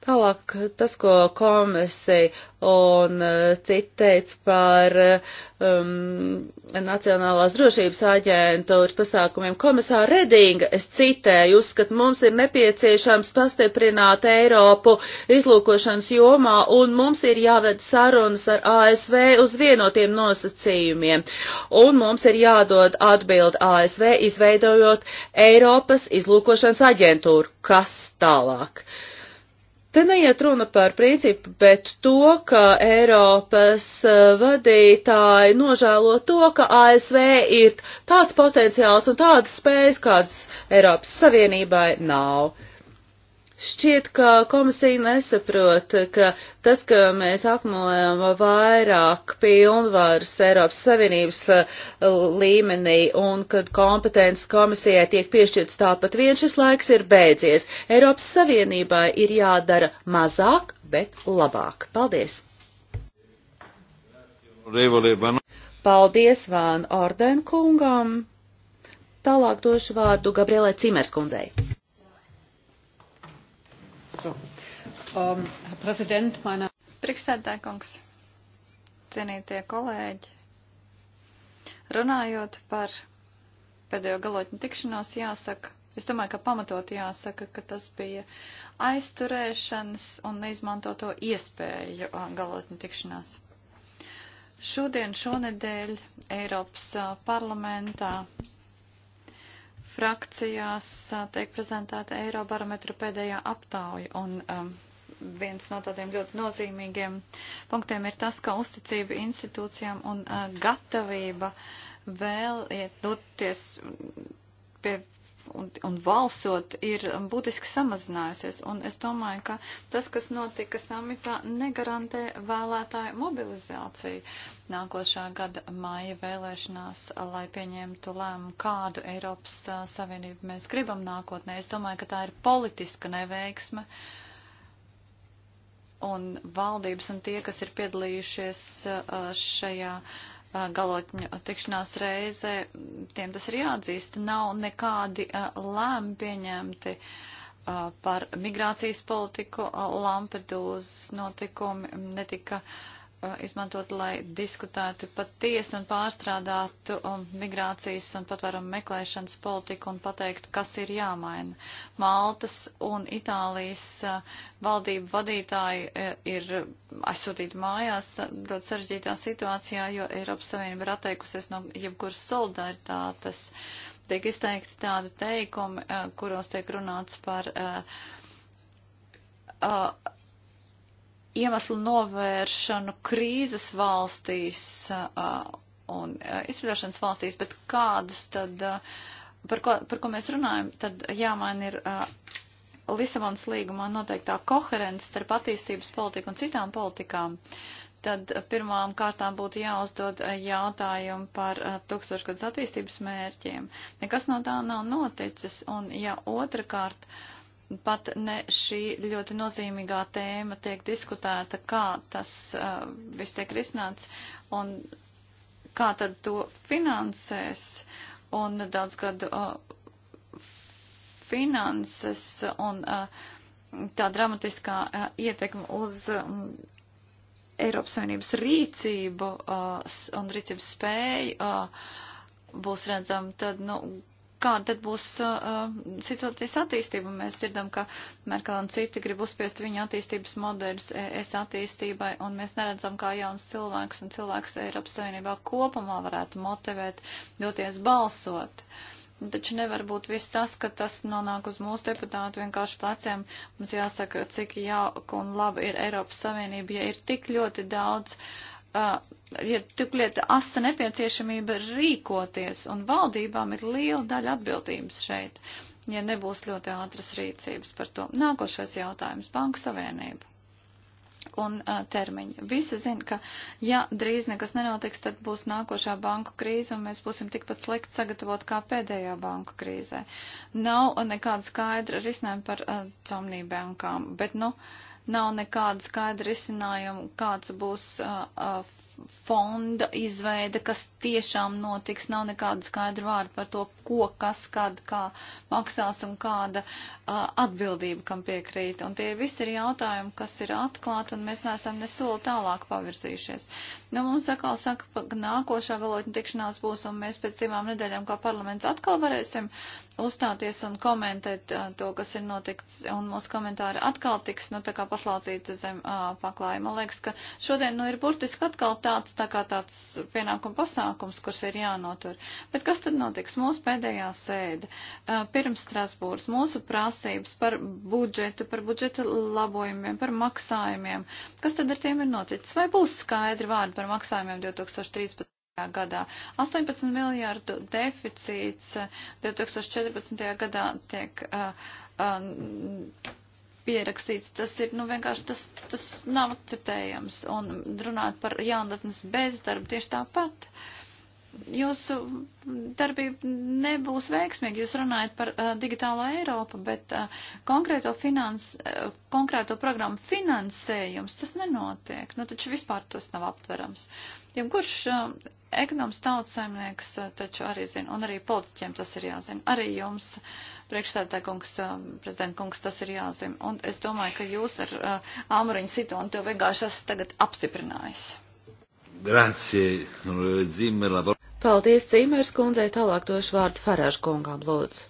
Tālāk tas, ko komisija un eh, citi teica par um, Nacionālās drošības aģentūras pasākumiem. Komisāra Redinga, es citēju, uzskat, mums ir nepieciešams pastiprināt Eiropu izlūkošanas jomā un mums ir jāved sarunas ar ASV uz vienotiem nosacījumiem. Un mums ir jādod atbild ASV, izveidojot Eiropas izlūkošanas aģentūru. Kas tālāk? Uh, Te neiet runa par principu, bet to, ka Eiropas eh, vadītāji nožēlo to, ka ASV ir tāds potenciāls un tādas spējas, kādas Eiropas Savienībai nav. Šķiet, ka komisija nesaprot, ka tas, ka mēs akumulējam vairāk pilnvaras Eiropas Savienības uh, līmenī un kad kompetences komisijai tiek piešķirts tāpat vien, šis laiks ir beidzies. Eiropas Savienībai ir jādara mazāk, bet labāk. Paldies! Paldies Vāna Ordenkungam! Tālāk došu vārdu Gabrielai Cimerskundzei. So. Um, ähm, Herr Präsident, meine. Priekšsēdētājkungs, cienītie kolēģi, runājot par pēdējo galotņu tikšanos, jāsaka, es domāju, ka pamatot jāsaka, ka tas bija aizturēšanas un neizmantoto iespēju uh, galotņu tikšanās. Šodien, šonedēļ Eiropas uh, parlamentā frakcijās tiek prezentēta Eirobarometra pēdējā aptauja. Un, um, viens no tādiem ļoti nozīmīgiem punktiem ir tas, ka uzticība institūcijām un uh, gatavība vēl iet doties pie un, un valsot ir būtiski samazinājusies. Un es domāju, ka tas, kas notika samitā, negarantē vēlētāju mobilizāciju nākošā gada māja vēlēšanās, lai pieņemtu lēmumu, kādu Eiropas Savienību mēs gribam nākotnē. Es domāju, ka tā ir politiska neveiksme. Un valdības un tie, kas ir piedalījušies šajā uh, galotņu tikšanās reizē, tiem tas ir jāatzīst, nav nekādi lēmi pieņemti par migrācijas politiku, Lampedūzas notikumi netika uh, Uh, izmantot, lai diskutētu patiesi un pārstrādātu um, migrācijas un patvērumu meklēšanas politiku un pateiktu, kas ir jāmaina. Maltas un Itālijas uh, valdību vadītāji uh, ir aizsūtīti mājās ļoti sarežģītā situācijā, jo Eiropas Savienība ir atteikusies no jebkuras solidaritātes. Tiek izteikti tādi teikumi, kuros tiek runāts par. Uh, uh, iemeslu novēršanu krīzes valstīs un izceļošanas valstīs, bet kādus tad, par ko, par ko mēs runājam, tad jāmaina ir Lisabonas līgumā noteiktā koherence starp attīstības politiku un citām politikām. Tad pirmām kārtām būtu jāuzdod jautājumu par tūkstošgadus attīstības mērķiem. Nekas no tā nav noticis, un ja otrkārt. Uh, pat ne šī ļoti nozīmīgā tēma tiek diskutēta, kā tas uh, viss tiek risināts un kā tad to finansēs un daudz gadu uh, finanses un uh, tā dramatiskā uh, ietekme uz um, Eiropas Savienības rīcību uh, un rīcības spēju uh, būs redzama, tad, nu, kāda tad būs uh, situācijas attīstība. Mēs dzirdam, ka Merkel un citi grib uzspiest viņa attīstības modeļus es attīstībai, un mēs neredzam, kā jauns cilvēks un cilvēks Eiropas Savienībā kopumā varētu motivēt doties balsot. Taču nevar būt viss tas, ka tas nonāk uz mūsu deputātu vienkārši pleciem. Mums jāsaka, cik jauka un laba ir Eiropas Savienība, ja ir tik ļoti daudz uh, Uh, ja tik lieta asa nepieciešamība rīkoties, un valdībām ir liela daļa atbildības šeit, ja nebūs ļoti ātras rīcības par to. Nākošais jautājums - Banku Savienība un uh, termiņi. Visi zina, ka ja drīz nekas nenotiks, tad būs nākošā banku krīze un mēs būsim tikpat slikti sagatavot kā pēdējā banku krīzē. Nav uh, nekāda skaidra risinājuma par uh, somnībankām, bet, nu, uh, nav nekāda skaidra risinājuma, kāds būs uh, uh, fonda izveide, kas tiešām notiks, nav nekāda skaidra vārda par to, ko, kas, kad, kā maksās un kāda uh, atbildība, kam piekrīt. Un tie visi ir jautājumi, kas ir atklāti, un mēs neesam nesoli tālāk pavirzījušies. Nu, mums atkal saka, ka nākošā galotņa tikšanās būs, un mēs pēc divām nedēļām kā parlaments atkal varēsim uzstāties un komentēt uh, to, kas ir notikts, un mūsu komentāri atkal tiks, nu, tā kā paslaucīti zem uh, paklājuma. Man liekas, ka šodien, nu, ir burtiski atkal tāds tā kā tāds pienākuma pasākums, kurš ir jānotur. Bet kas tad notiks? Mūsu pēdējā sēde pirms Strasbūras, mūsu prasības par budžetu, par budžeta labojumiem, par maksājumiem. Kas tad ar tiem ir noticis? Vai būs skaidri vārdi par maksājumiem 2013? gadā. 18 miljārdu deficīts 2014. gadā tiek uh, uh, pierakstīts. Tas ir, nu, vienkārši tas, tas nav akceptējams. Un runāt par jaunatnes bezdarbu tieši tāpat. Uh, jūsu darbība nebūs veiksmīga. Jūs runājat par uh, digitālo Eiropu, bet uh, konkrēto, finans, uh, konkrēto programmu finansējums tas nenotiek. Nu, taču vispār tas nav aptverams. Jum, kurš uh, ekonoms tautsaimnieks uh, taču arī zina, un arī politiķiem tas ir jāzina. Arī jums, priekšsēdētāj kungs, uh, prezident kungs, tas ir jāzina. Un es domāju, ka jūs ar uh, āmuriņu situāciju vienkārši esat tagad apstiprinājis. Grazie, onorevole Zimmer. La... Paldies Cīmērs kundzei, tālāk došu vārdu Farāžu kungām, lūdzu.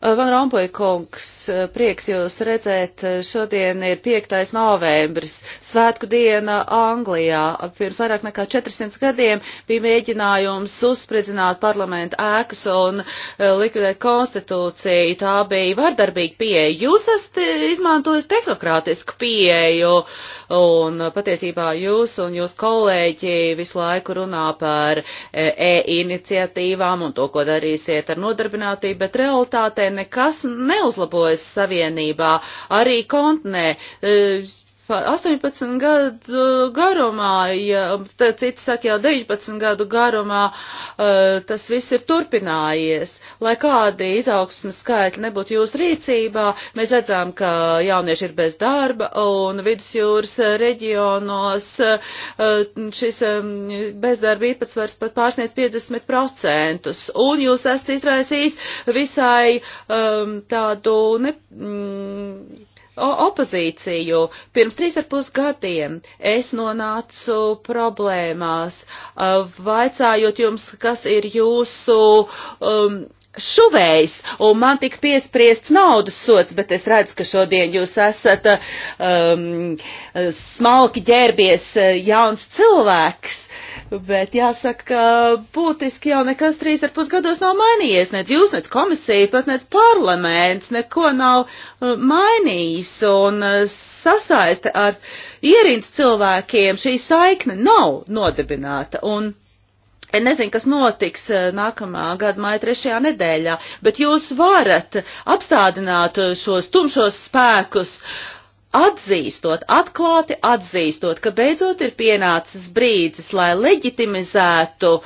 Uh, Van Rompuja kungs, uh, prieks jūs redzēt, uh, šodien ir 5. novembris, svētku diena Anglijā. Pirms vairāk nekā 400 gadiem bija mēģinājums uzspridzināt parlamentu ēkas un likvidēt konstitūciju. Tā bija vardarbīga pieeja. Jūs esat izmantojis tehnokrātisku pieeju un patiesībā jūs un jūs kolēģi visu laiku runā par e-iniciatīvām un to, ko darīsiet ar nodarbinātību, bet realitāte realitātē nekas neuzlabojas savienībā, arī kontnē. E, 18 gadu garumā, ja citi saka jau 19 gadu garumā, eh, tas viss ir turpinājies. Lai kādi izaugsmas skaitļi nebūtu jūsu rīcībā, mēs redzam, ka jaunieši ir bez darba un vidusjūras reģionos eh, šis bezdarba īpatsvars pat pārsniec 50%. Un jūs esat izraisījis visai um, tādu ne. Mm, opozīciju. Pirms trīs ar pus gadiem es nonācu problēmās, vaicājot jums, kas ir jūsu um, šuvējs, un man tik piespriests naudas sots, bet es redzu, ka šodien jūs esat um, smalki ģērbies eh, jauns cilvēks, bet jāsaka, ka būtiski jau nekas trīs ar pusgados nav mainījies, nec jūs, nec komisija, pat nec parlaments, neko nav eh, mainījis, un eh, sasaiste ar ierīns cilvēkiem šī saikne nav nodibināta, un Es nezinu, kas notiks eh, nākamā gada māja trešajā nedēļā, bet jūs varat apstādināt eh, šos tumšos spēkus uh, atzīstot, atklāti atzīstot, ka beidzot ir pienācis brīdis, lai leģitimizētu uh,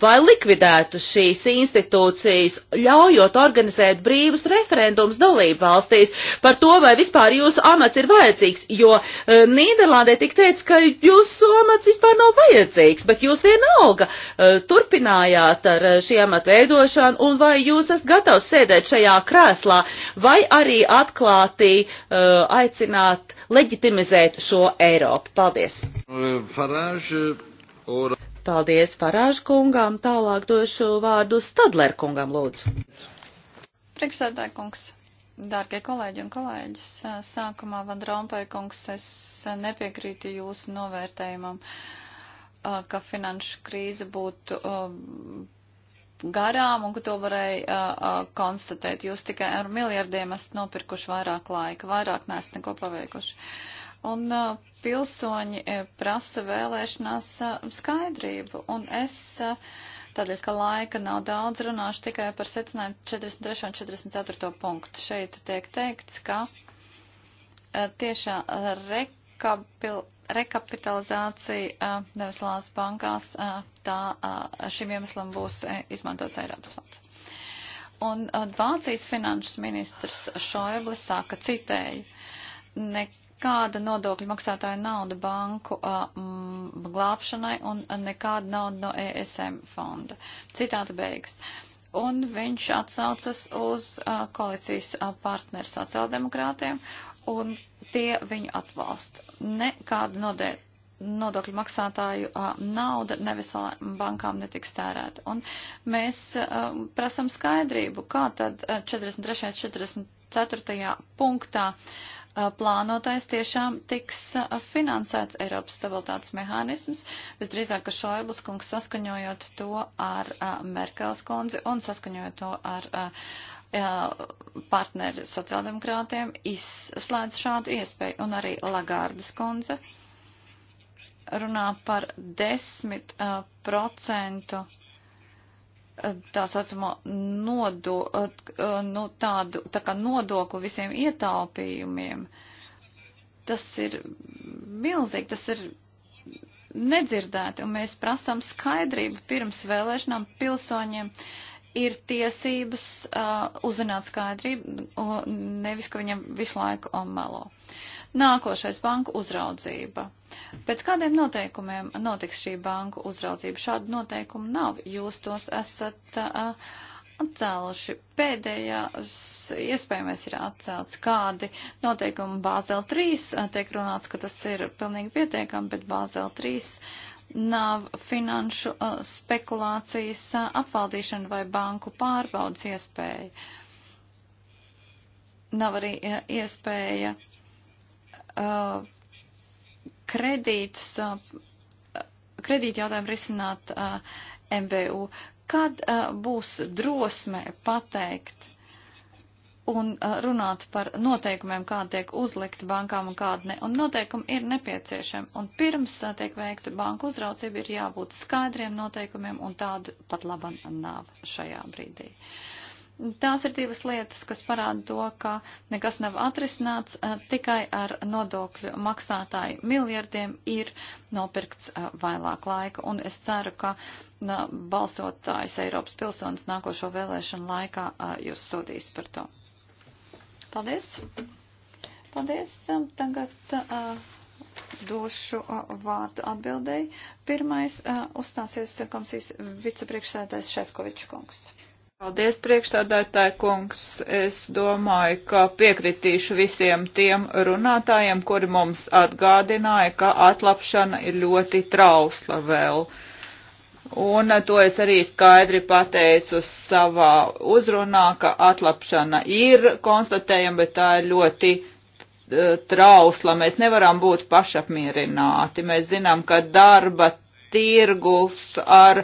vai likvidētu šīs institūcijas, ļaujot organizēt brīvus referendums dalību valstīs par to, vai vispār jūsu amats ir vajadzīgs, jo uh, Nīderlandē tik teica, ka jūsu amats vispār nav vajadzīgs, bet jūs vienalga uh, turpinājāt ar šī amata veidošanu, un vai jūs esat gatavs sēdēt šajā krēslā, vai arī atklātī aicināt veicināt, leģitimizēt šo Eiropu. Paldies! Farāžu, or... Paldies Farāžu kungām, tālāk došu vārdu Stadler kungam lūdzu. Priekšsēdētāj kungs, dārgie kolēģi un kolēģis, sākumā Van Rompai kungs, es nepiekrītu jūsu novērtējumam, ka finanšu krīze būtu. Um, garām un ka to varēja uh, uh, konstatēt. Jūs tikai ar miljardiem esat nopirkuši vairāk laika, vairāk nesat neko paveikuši. Un uh, pilsoņi uh, prasa vēlēšanās uh, skaidrību. Un es, uh, tādēļ, ka laika nav daudz, runāšu tikai par secinājumu 43. un 44. punktu. Šeit tiek teikts, ka uh, tiešā uh, rekabil rekapitalizācija neveselās bankās, tā šim iemeslam būs izmantots Eiropas fonds. Un Vācijas finanšas ministrs Šoebli saka, citēju, nekāda nodokļu maksātāja nauda banku m, glābšanai un nekāda nauda no ESM fonda. Citāta beigas. Un viņš atsaucas uz koalīcijas partneru sociāldemokrātiem un tie viņu atbalsta. Nekāda nodēļ nodokļu maksātāju uh, nauda nevisām bankām netiks tērēta. Un mēs uh, prasam skaidrību, kā tad 43. 44. punktā uh, plānotais tiešām tiks finansēts Eiropas stabilitātes mehānisms, visdrīzāk, ka Šoiblis kungs saskaņojot to ar Merkels kundzi un saskaņojot to ar partneri sociāldemokrātiem izslēdz šādu iespēju. Un arī Lagārdas kundze runā par 10% tā saucamo nodo, nu, tādu, tā kā nodokli visiem ietaupījumiem. Tas ir milzīgi, tas ir nedzirdēti, un mēs prasām skaidrību pirms vēlēšanām pilsoņiem. Uh, ir tiesības uh, uzzināt skaidrību, nevis, ka viņam visu laiku omelo. Um, Nākošais banku uzraudzība. Pēc kādiem noteikumiem notiks šī banku uzraudzība? Šādu noteikumu nav. Jūs tos esat uh, atcēluši. Pēdējās iespējamais ir atcēlts kādi noteikumi Bāzel 3. Uh, tiek runāts, ka tas ir pilnīgi pietiekami, bet Bāzel 3 nav finanšu uh, spekulācijas uh, apvaldīšana vai banku pārbaudas iespēja. Nav arī uh, iespēja kredītus, kredīt jautājumu risināt MBU. Kad būs drosme pateikt, un runāt par noteikumiem, kāda tiek uzlikta bankām un kāda ne. Un noteikumi ir nepieciešami. Un pirms tiek veikta banka uzraucība, ir jābūt skaidriem noteikumiem, un tādu pat laban nav šajā brīdī. Tās ir divas lietas, kas parāda to, ka nekas nav atrisināts, tikai ar nodokļu maksātāju miljardiem ir nopirkts vairāk laika. Un es ceru, ka balsotājs Eiropas pilsonis nākošo vēlēšanu laikā jūs sodīs par to. Paldies! Paldies! Tagad uh, došu uh, vārdu atbildēji. Pirmais uh, uzstāsies komisijas vicepriekšsēdētājs Šefkovičs kungs. Paldies, priekšstādātāji kungs. Es domāju, ka piekritīšu visiem tiem runātājiem, kuri mums atgādināja, ka atlapšana ir ļoti trausla vēl. Uh, Un to es arī skaidri pateicu savā uzrunā, ka atlapšana ir konstatējama, bet tā ir ļoti e, trausla. Mēs nevaram būt pašapmierināti. Mēs zinām, ka darba tirgus ar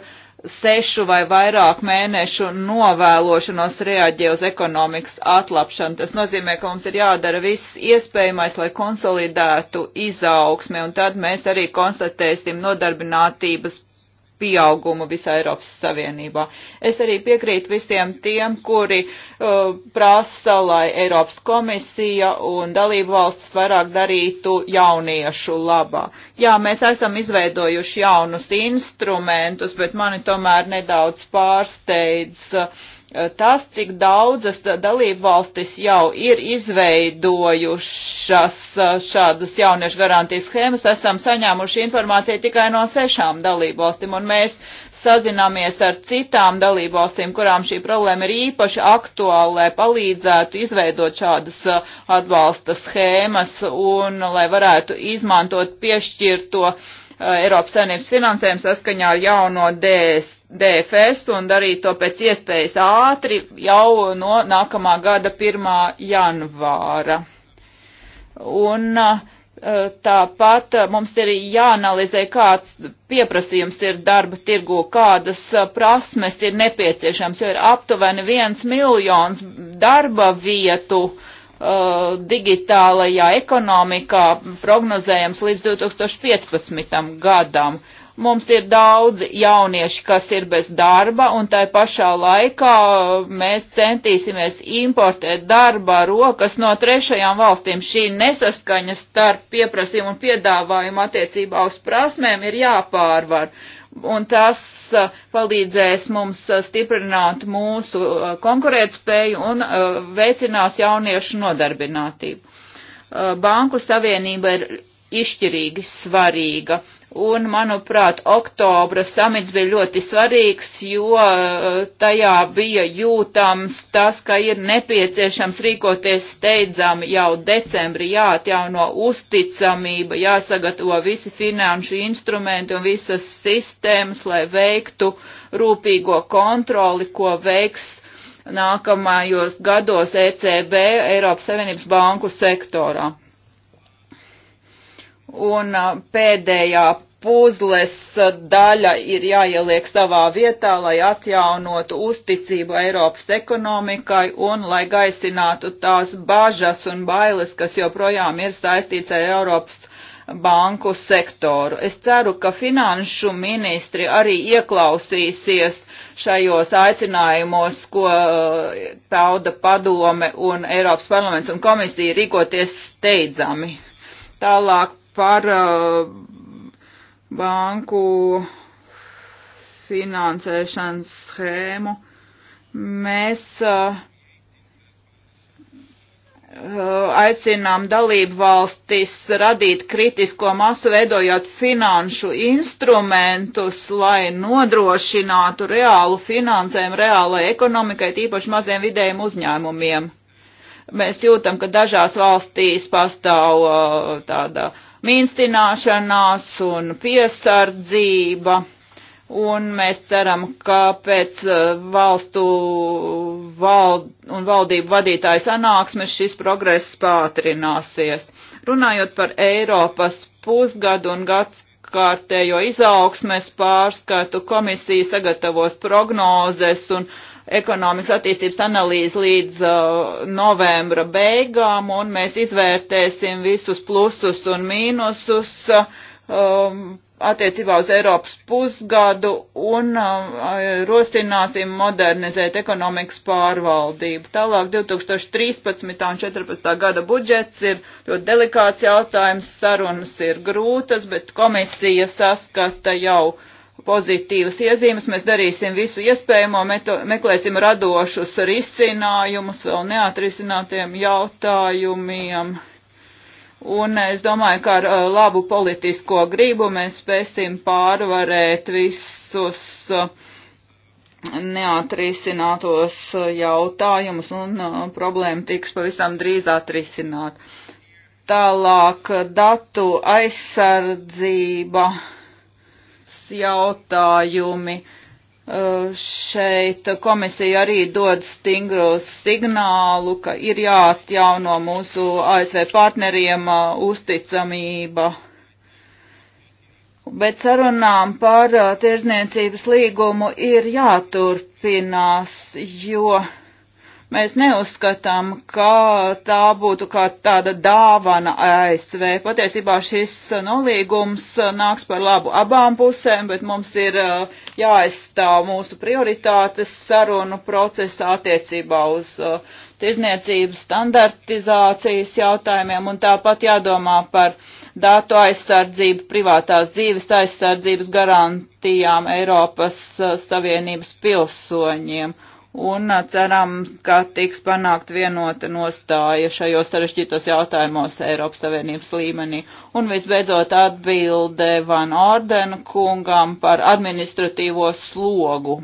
sešu vai vairāk mēnešu novēlošanos reaģē uz ekonomikas atlapšanu. Tas nozīmē, ka mums ir jādara viss iespējamais, lai konsolidētu izaugsmi, un tad mēs arī konstatēsim nodarbinātības pieaugumu visā Eiropas Savienībā. Es arī piekrītu visiem tiem, kuri uh, prasa, lai Eiropas komisija un dalību valstis vairāk darītu jauniešu labā. Jā, mēs esam izveidojuši jaunus instrumentus, bet mani tomēr nedaudz pārsteidz. Uh, Eh, tas, cik daudzas dalību valstis jau ir izveidojušas eh, šādas jauniešu garantijas schēmas, esam saņēmuši informāciju tikai no sešām dalību valstīm, un mēs sazināmies ar citām dalību valstīm, kurām šī problēma ir īpaši aktuāla, lai palīdzētu izveidot šādas eh, atbalsta schēmas un lai varētu izmantot piešķirto uh, Uh, Eiropas saimnības finansējumu saskaņā ar jauno DS, DFS un darīt to pēc iespējas ātri jau no nākamā gada 1. janvāra. Un uh, tāpat uh, mums ir jāanalizē, kāds pieprasījums ir darba tirgu, kādas prasmes ir nepieciešams, jo ir aptuveni viens miljons darba vietu Uh, digitālajā ekonomikā prognozējams līdz 2015. gadam. Mums ir daudzi jaunieši, kas ir bez darba, un tai pašā laikā mēs centīsimies importēt darba rokas no trešajām valstīm. Šī nesaskaņa starp pieprasījumu un piedāvājumu attiecībā uz prasmēm ir jāpārvar. Uh, un tas uh, palīdzēs mums uh, stiprināt mūsu uh, konkurētspēju un veicinās jauniešu nodarbinātību. Banku savienība ir izšķirīgi svarīga Un, manuprāt, oktobra samits bija ļoti svarīgs, jo uh, tajā bija jūtams tas, ka ir nepieciešams rīkoties steidzami jau decembri, jāatjauno uzticamība, jāsagatavo visi finanšu instrumenti un visas sistēmas, lai veiktu rūpīgo kontroli, ko veiks nākamajos gados ECB Eiropas Savienības banku sektorā un uh, pēdējā puzles uh, daļa ir jāieliek savā vietā, lai atjaunotu uzticību Eiropas ekonomikai un lai gaisinātu tās bažas un bailes, kas joprojām ir saistīts ar Eiropas banku sektoru. Es ceru, ka finanšu ministri arī ieklausīsies šajos aicinājumos, ko uh, pauda padome un Eiropas parlaments un komisija rīkoties steidzami. Tālāk par uh, banku finansēšanas schēmu. Mēs uh, uh, aicinām dalību valstis radīt kritisko masu, veidojot finanšu instrumentus, lai nodrošinātu reālu finansējumu reālai ekonomikai, tīpaši maziem vidējiem uzņēmumiem. Mēs jūtam, ka dažās valstīs pastāv uh, tāda uh, mīnstināšanās un piesardzība. Un mēs ceram, ka pēc uh, valstu vald un valdību vadītāju sanāksmes šis progress pātrināsies. Runājot par Eiropas pusgadu un gads kārtējo izaugsmes pārskatu, komisija sagatavos prognozes un uh, ekonomikas attīstības analīzi līdz uh, novembra beigām, un mēs izvērtēsim visus plusus un mīnusus um, attiecībā uz Eiropas pusgadu un um, rosināsim modernizēt ekonomikas pārvaldību. Tālāk 2013. un 2014. gada budžets ir ļoti delikāts jautājums, sarunas ir grūtas, bet komisija saskata jau uh, pozitīvas iezīmes. Mēs darīsim visu iespējamo, meklēsim radošus risinājumus vēl neatrisinātiem jautājumiem. Un es domāju, ka ar uh, labu politisko gribu mēs spēsim pārvarēt visus uh, neatrisinātos uh, jautājumus un problēma tiks pavisam drīz atrisināt. Tālāk datu aizsardzība jautājumi. Uh, šeit komisija arī dod stingru signālu, ka ir jāatjauno mūsu ASV partneriem uh, uzticamība. Bet sarunām par uh, tirzniecības līgumu ir jāturpinās, jo uh, Mēs neuzskatām, ka tā būtu kā tāda dāvana ASV. Patiesībā šis nolīgums nāks par labu abām pusēm, bet mums ir uh, jāaizstāv mūsu prioritātes sarunu procesa attiecībā uz uh, tirzniecības standartizācijas jautājumiem un tāpat jādomā par datu aizsardzību, privātās dzīves aizsardzības garantijām Eiropas uh, Savienības pilsoņiem un ceram, ka tiks panākt vienota nostāja šajos sarežģītos jautājumos Eiropas Savienības līmenī. Un visbeidzot atbilde Van Orden kungam par administratīvo slogu.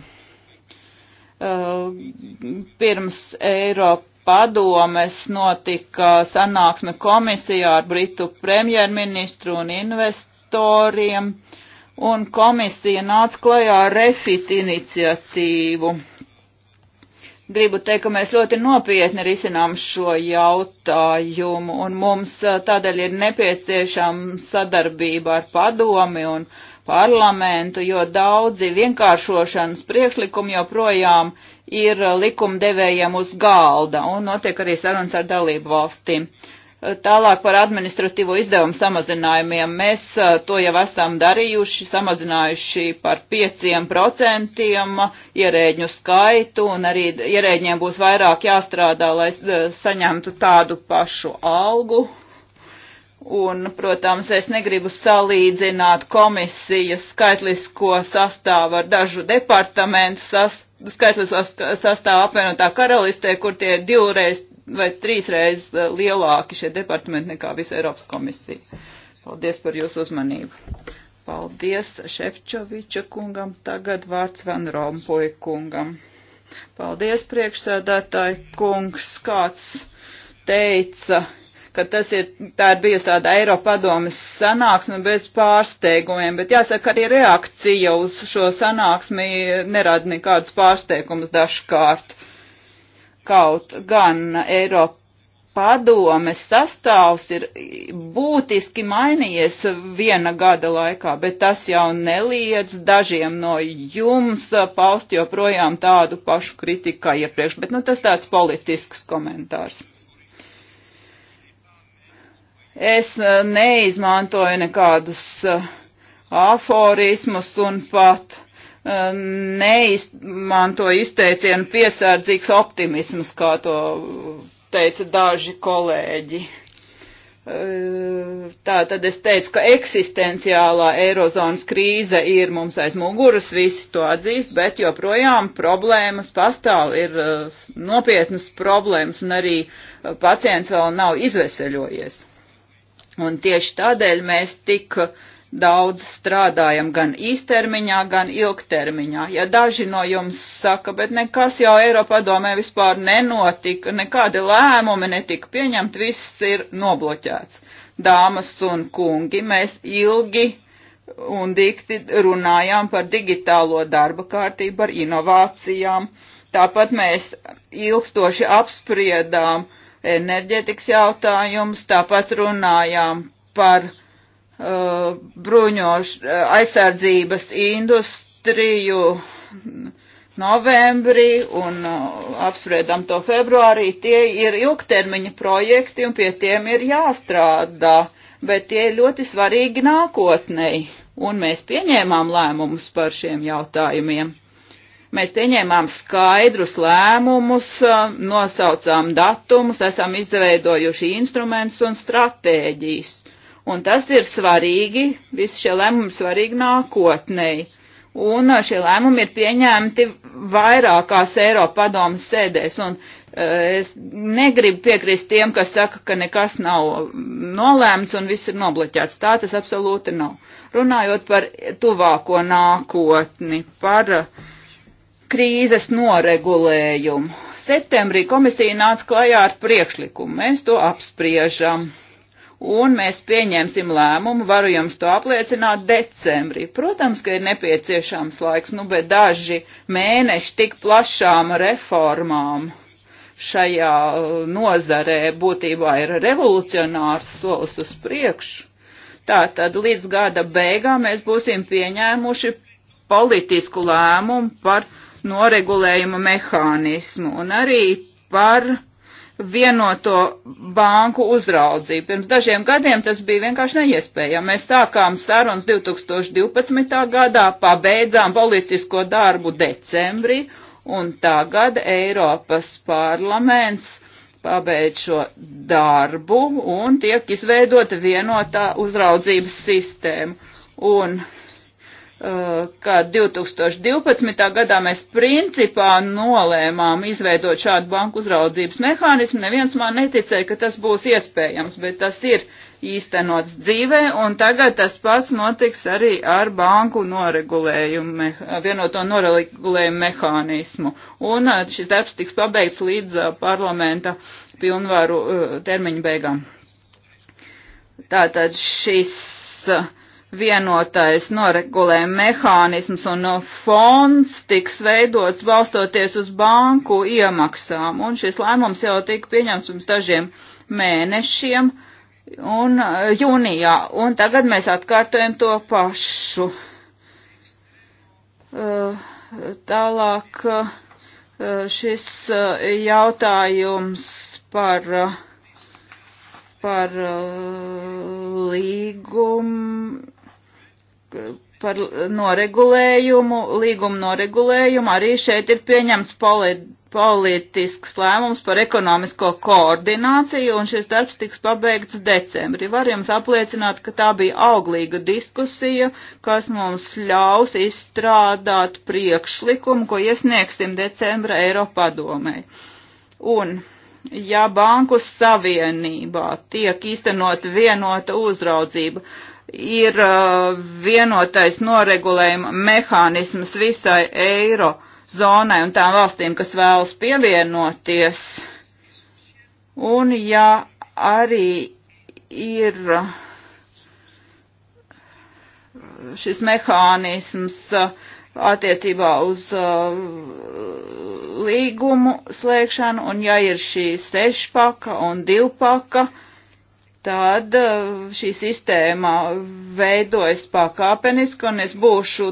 Pirms Eiropa padomes notika sanāksme komisijā ar Britu premjerministru un investoriem, un komisija nāca klajā refit iniciatīvu gribu teikt, ka mēs ļoti nopietni risinām šo jautājumu, un mums tādēļ ir nepieciešama sadarbība ar padomi un parlamentu, jo daudzi vienkāršošanas priekšlikumi joprojām ir likumdevējiem uz galda, un notiek arī sarunas ar dalību valstīm. Uh, Tālāk par administratīvo izdevumu samazinājumiem. Mēs uh, to jau esam darījuši, samazinājuši par 5% ierēģu skaitu, un arī ierēģiem būs vairāk jāstrādā, lai uh, saņemtu tādu pašu algu. Un, protams, es negribu salīdzināt komisijas skaitlisko sastāvu ar dažu departamentu sastāvu skaitlis sastāv apvienotā karalistē, kur tie ir divreiz vai trīs reizes eh, lielāki šie departamenti nekā visa Eiropas komisija. Paldies par jūsu uzmanību. Paldies Šefčoviča kungam, tagad vārds Van Rompuja kungam. Paldies priekšsēdētāji kungs, kāds teica, ka tas ir, tā ir bijusi tāda Eiropadomes sanāksme bez pārsteigumiem, bet jāsaka, arī reakcija uz šo sanāksmi nerada nekādus pārsteigumus dažkārt kaut gan Eiropa padomes sastāvs ir būtiski mainījies viena gada laikā, bet tas jau neliedz dažiem no jums paust joprojām tādu pašu kritiku kā iepriekš, bet nu, tas tāds politisks komentārs. Es e, neizmantoju nekādus e, aforismus un pat Ehm, neizmanto izteicienu piesardzīgs optimisms, kā to teica daži kolēģi. Ehm, tā tad es teicu, ka eksistenciālā eirozonas krīze ir mums aiz muguras, visi to atzīst, bet joprojām problēmas pastāv, ir ehm, nopietnas problēmas un arī pacients vēl nav izveseļojies. Un tieši tādēļ mēs tik uh, daudz strādājam gan īstermiņā, gan ilgtermiņā. Ja daži no jums saka, bet nekas jau Eiropā domē vispār nenotika, nekādi lēmumi netika pieņemti, viss ir nobloķēts. Dāmas un kungi, mēs ilgi un dikti runājām par digitālo darba kārtību, par inovācijām. Tāpat mēs ilgstoši apspriedām enerģetikas jautājumus, tāpat runājām par uh, bruņoš aizsardzības industriju novembrī un uh, apspriedam to februārī, tie ir ilgtermiņa projekti un pie tiem ir jāstrādā, bet tie ir ļoti svarīgi nākotnei. Un mēs pieņēmām lēmumus par šiem jautājumiem. Mēs pieņēmām skaidrus lēmumus, uh, nosaucām datumus, esam izveidojuši instrumentus un stratēģijas. Un tas ir svarīgi, visi šie lēmumi svarīgi nākotnēji. Un uh, šie lēmumi ir pieņemti vairākās Eiropa padomas sēdēs. Un uh, es negribu piekrist tiem, kas saka, ka nekas nav nolēmts un viss ir nobloķēts. Tā tas absolūti nav. Runājot par tuvāko nākotni, par uh, krīzes noregulējumu. Septembrī komisija nāca klajā ar priekšlikumu. Mēs to apspriežam un mēs pieņemsim lēmumu, varu jums to apliecināt decembrī. Protams, ka ir nepieciešams laiks, nu, bet daži mēneši tik plašām reformām šajā uh, nozarē būtībā ir revolucionārs solis uz priekšu. Tātad līdz gada beigām mēs būsim pieņēmuši politisku lēmumu par noregulējumu mehānismu un arī par uh, vienoto banku uzraudzību. Pirms dažiem gadiem tas bija vienkārši neiespējami. Mēs sākām sarunas 2012. gadā, pabeidzām politisko darbu decembrī, un tagad Eiropas parlaments pabeidz šo darbu un tiek izveidota vienotā uzraudzības sistēma. Un Eh, ka 2012. gadā mēs principā nolēmām izveidot šādu banku uzraudzības mehānismu. Neviens man neticēja, ka tas būs iespējams, bet tas ir īstenots dzīvē, un tagad tas pats notiks arī ar banku noregulējumu, vienoto noregulējumu mehānismu. Un eh, šis darbs tiks pabeigts līdz eh, parlamenta pilnvaru termiņu beigām. Tātad šis uh, vienotais noregulējuma mehānisms un fonds tiks veidots balstoties uz banku iemaksām. Un šis lēmums jau tika pieņemts pirms dažiem mēnešiem un uh, jūnijā. Un tagad mēs atkārtojam to pašu. Uh, tālāk uh, šis jautājums par par līgumu par noregulējumu, līgumu noregulējumu, arī šeit ir pieņemts politisks lēmums par ekonomisko koordināciju, un šis darbs tiks pabeigts decembrī. Var jums apliecināt, ka tā bija auglīga diskusija, kas mums ļaus izstrādāt priekšlikumu, ko iesniegsim decembra Eiropadomē. Un ja banku savienībā tiek īstenot vienota uzraudzība, ir uh, vienotais noregulējuma mehānisms visai eiro zonai un tām valstīm, kas vēlas pievienoties. Un ja arī ir uh, šis mehānisms uh, attiecībā uz līgumu slēgšanu, un ja ir šī sešpaka un divpaka, uh, tad uh, šī sistēma veidojas pakāpeniski, un es būšu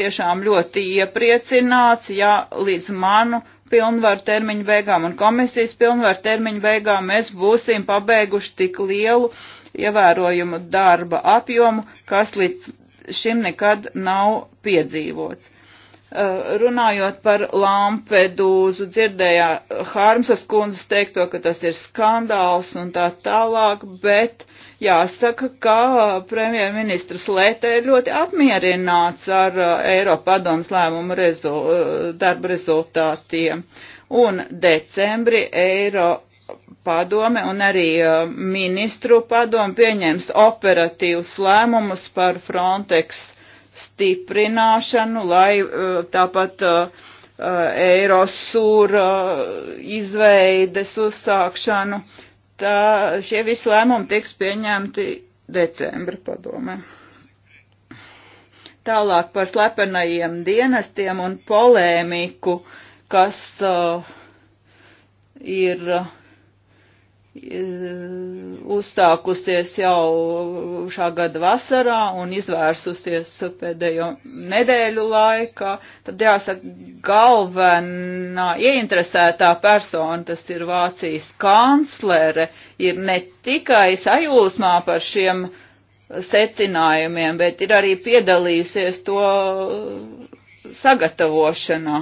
tiešām ļoti iepriecināts, ja līdz manu pilnvaru termiņu beigām un komisijas pilnvaru termiņu beigām mēs būsim pabeiguši tik lielu ievērojumu darba apjomu, kas līdz šim nekad nav piedzīvots. Eh, runājot par Lampedūzu, dzirdējā Harmsas kundzes teikto, ka tas ir skandāls un tā tālāk, bet jāsaka, ka premjerministrs Lētē ir ļoti apmierināts ar eh, Eiropadomas lēmumu rezu, eh, darba rezultātiem. Un decembri Eiro padome un arī ministru padome pieņems operatīvus lēmumus par Frontex stiprināšanu, lai eh, tāpat eh, eh, Eirosūra izveides uzsākšanu. Tā, šie visi lēmumi tiks pieņemti decembra padomē. Tālāk par slepenajiem dienestiem un polēmiku, kas uh, ir uh, Uh, uzstākusies jau šā gada vasarā un izvērsusies pēdējo nedēļu laikā, tad jāsaka, galvenā ieinteresētā persona, tas ir Vācijas kanclere, ir ne tikai sajūsmā par šiem secinājumiem, bet ir arī piedalījusies to sagatavošanā.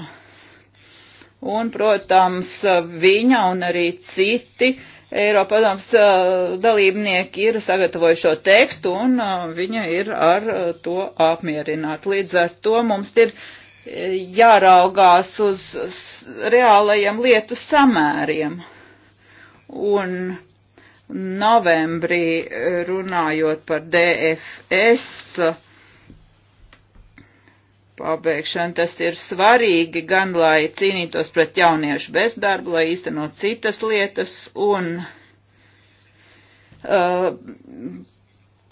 Un, protams, viņa un arī citi uh, Eiropadoms uh, dalībnieki ir sagatavojušo tekstu un uh, viņa ir ar uh, to apmierināta. Līdz ar to mums ir jāraugās uz reālajiem lietu samēriem. Un novembrī runājot par DFS, pabeigšanu. Tas ir svarīgi gan, lai cīnītos pret jauniešu bezdarbu, lai īstenot citas lietas un uh,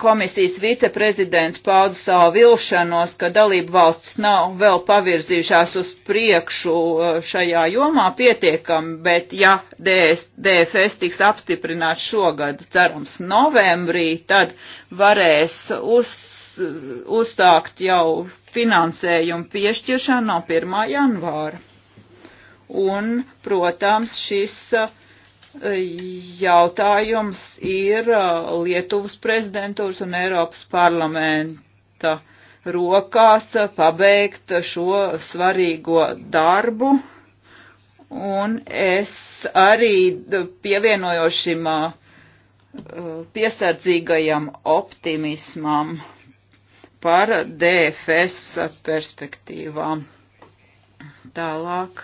komisijas viceprezidents pauda savu vilšanos, ka dalību valsts nav vēl pavirzījušās uz priekšu uh, šajā jomā pietiekami, bet ja DS, DFS tiks apstiprināts šogad, cerams, novembrī, tad varēs uz uzsākt jau finansējumu piešķiršanu no 1. janvāra. Un, protams, šis eh, jautājums ir eh, Lietuvas prezidentūras un Eiropas parlamenta rokās eh, pabeigt šo svarīgo darbu. Un es arī pievienojos šim piesardzīgajam optimismam par DFS perspektīvām. Tālāk,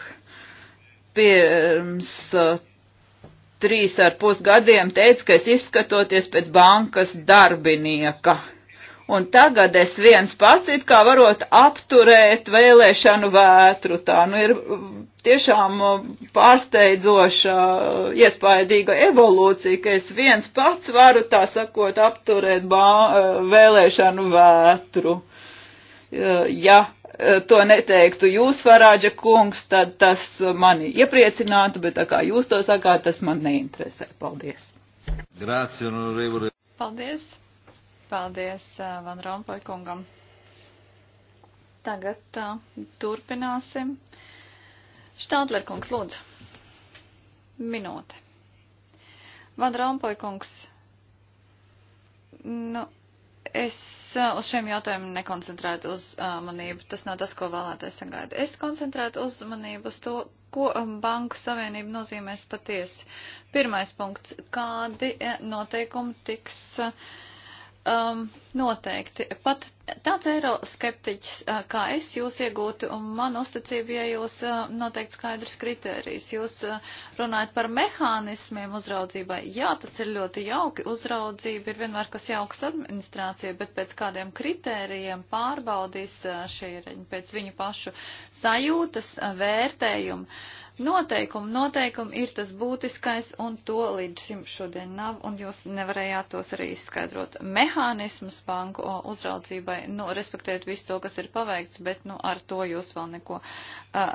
pirms uh, trīs ar pus gadiem teica, ka es izskatoties pēc bankas darbinieka un tagad es viens pats it kā varot apturēt vēlēšanu vētru. Tā nu ir mm, tiešām mm, pārsteidzoša, mm, iespaidīga evolūcija, ka es viens pats varu tā sakot apturēt vēlēšanu vētru. Ja to neteiktu jūs, Farāģa kungs, tad tas mani iepriecinātu, bet tā kā jūs to sakāt, tas man neinteresē. Paldies! Grācija, no Paldies! Paldies uh, Van Rompuy kungam. Tagad uh, turpināsim. Štātler kungs, lūdzu. Minūte. Van Rompuy kungs. Nu, es uh, uz šiem jautājumiem nekoncentrētu uzmanību. Tas nav tas, ko vēlētais sagaida. Es koncentrētu uzmanību uz to, ko banku savienība nozīmēs patiesi. Pirmais punkts. Kādi noteikumi tiks. Uh, um, noteikti. Pat tāds eiroskeptiķis uh, kā es jūs iegūtu man uzticību, ja jūs uh, noteikti skaidrs kritērijs. Jūs uh, runājat par mehānismiem uzraudzībai. Jā, tas ir ļoti jauki. Uzraudzība ir vienmēr kas jauks administrācija, bet pēc kādiem kritērijiem pārbaudīs uh, šī reņa, pēc viņu pašu sajūtas, uh, vērtējumu. Uh, Noteikumi, noteikumi ir tas būtiskais, un to līdz šim šodien nav, un jūs nevarējāt tos arī izskaidrot. Mehānismus banku uzraudzībai, nu, respektējot visu to, kas ir paveikts, bet, nu, ar to jūs vēl neko,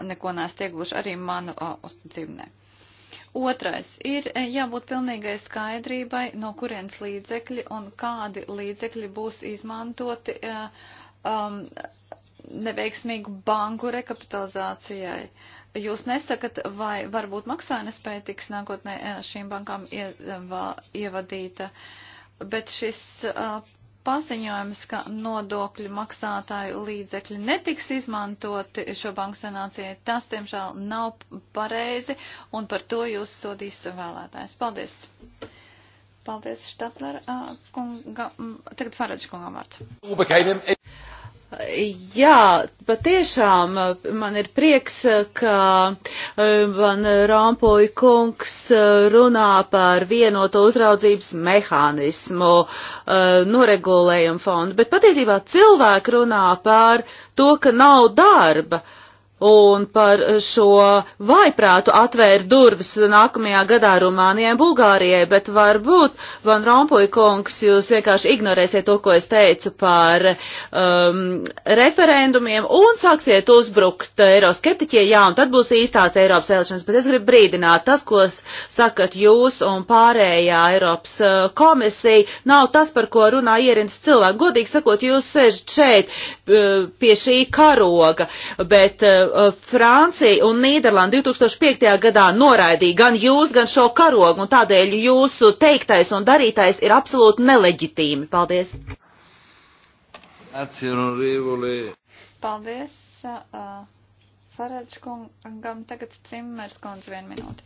neko nēst ieguvuši, arī manu uzticību ne. Otrais ir e, jābūt pilnīgai skaidrībai, no kurienes līdzekļi un kādi līdzekļi būs izmantoti e, um, neveiksmīgu banku rekapitalizācijai. Uh, jūs nesakat, vai varbūt maksājnespēja tiks nākotnē eh, šīm bankām ievadīta, bet šis eh, paziņojums, ka nodokļu maksātāju līdzekļi netiks izmantoti šo banku sanācijai, tas, diemžēl, nav pareizi, un par to jūs sodīs vēlētājs. Paldies! Paldies, Štatler eh, kunga. Tagad Faradž kungam vārds. Jā, patiešām eh, man ir prieks, eh, ka eh, Van Rompuy kungs runā par vienoto uzraudzības mehānismu, noregulējumu fondu, bet patiesībā cilvēki runā par to, ka nav darba. Uh, un par šo vaiprātu atvērt durvis nākamajā gadā Rumānijai un Bulgārijai, bet varbūt, Van Rompuy kungs, jūs vienkārši ignorēsiet to, ko es teicu par um, referendumiem un sāksiet uzbrukt eiroskeptiķie, jā, un tad būs īstās Eiropas vēlēšanas, bet es gribu brīdināt, tas, ko sakat jūs un pārējā Eiropas uh, komisija, nav tas, par ko runā ierins cilvēki. Godīgi sakot, jūs sežat šeit uh, pie šī karoga, bet uh, Eh, Francija un Nīderlanda 2005. gadā noraidīja gan jūs, gan šo karogu, un tādēļ jūsu teiktais un darītais ir absolūti neleģitīmi. Paldies! Paldies! Uh, eh, Faradžkungam tagad Cimmers kundze vienu minūti.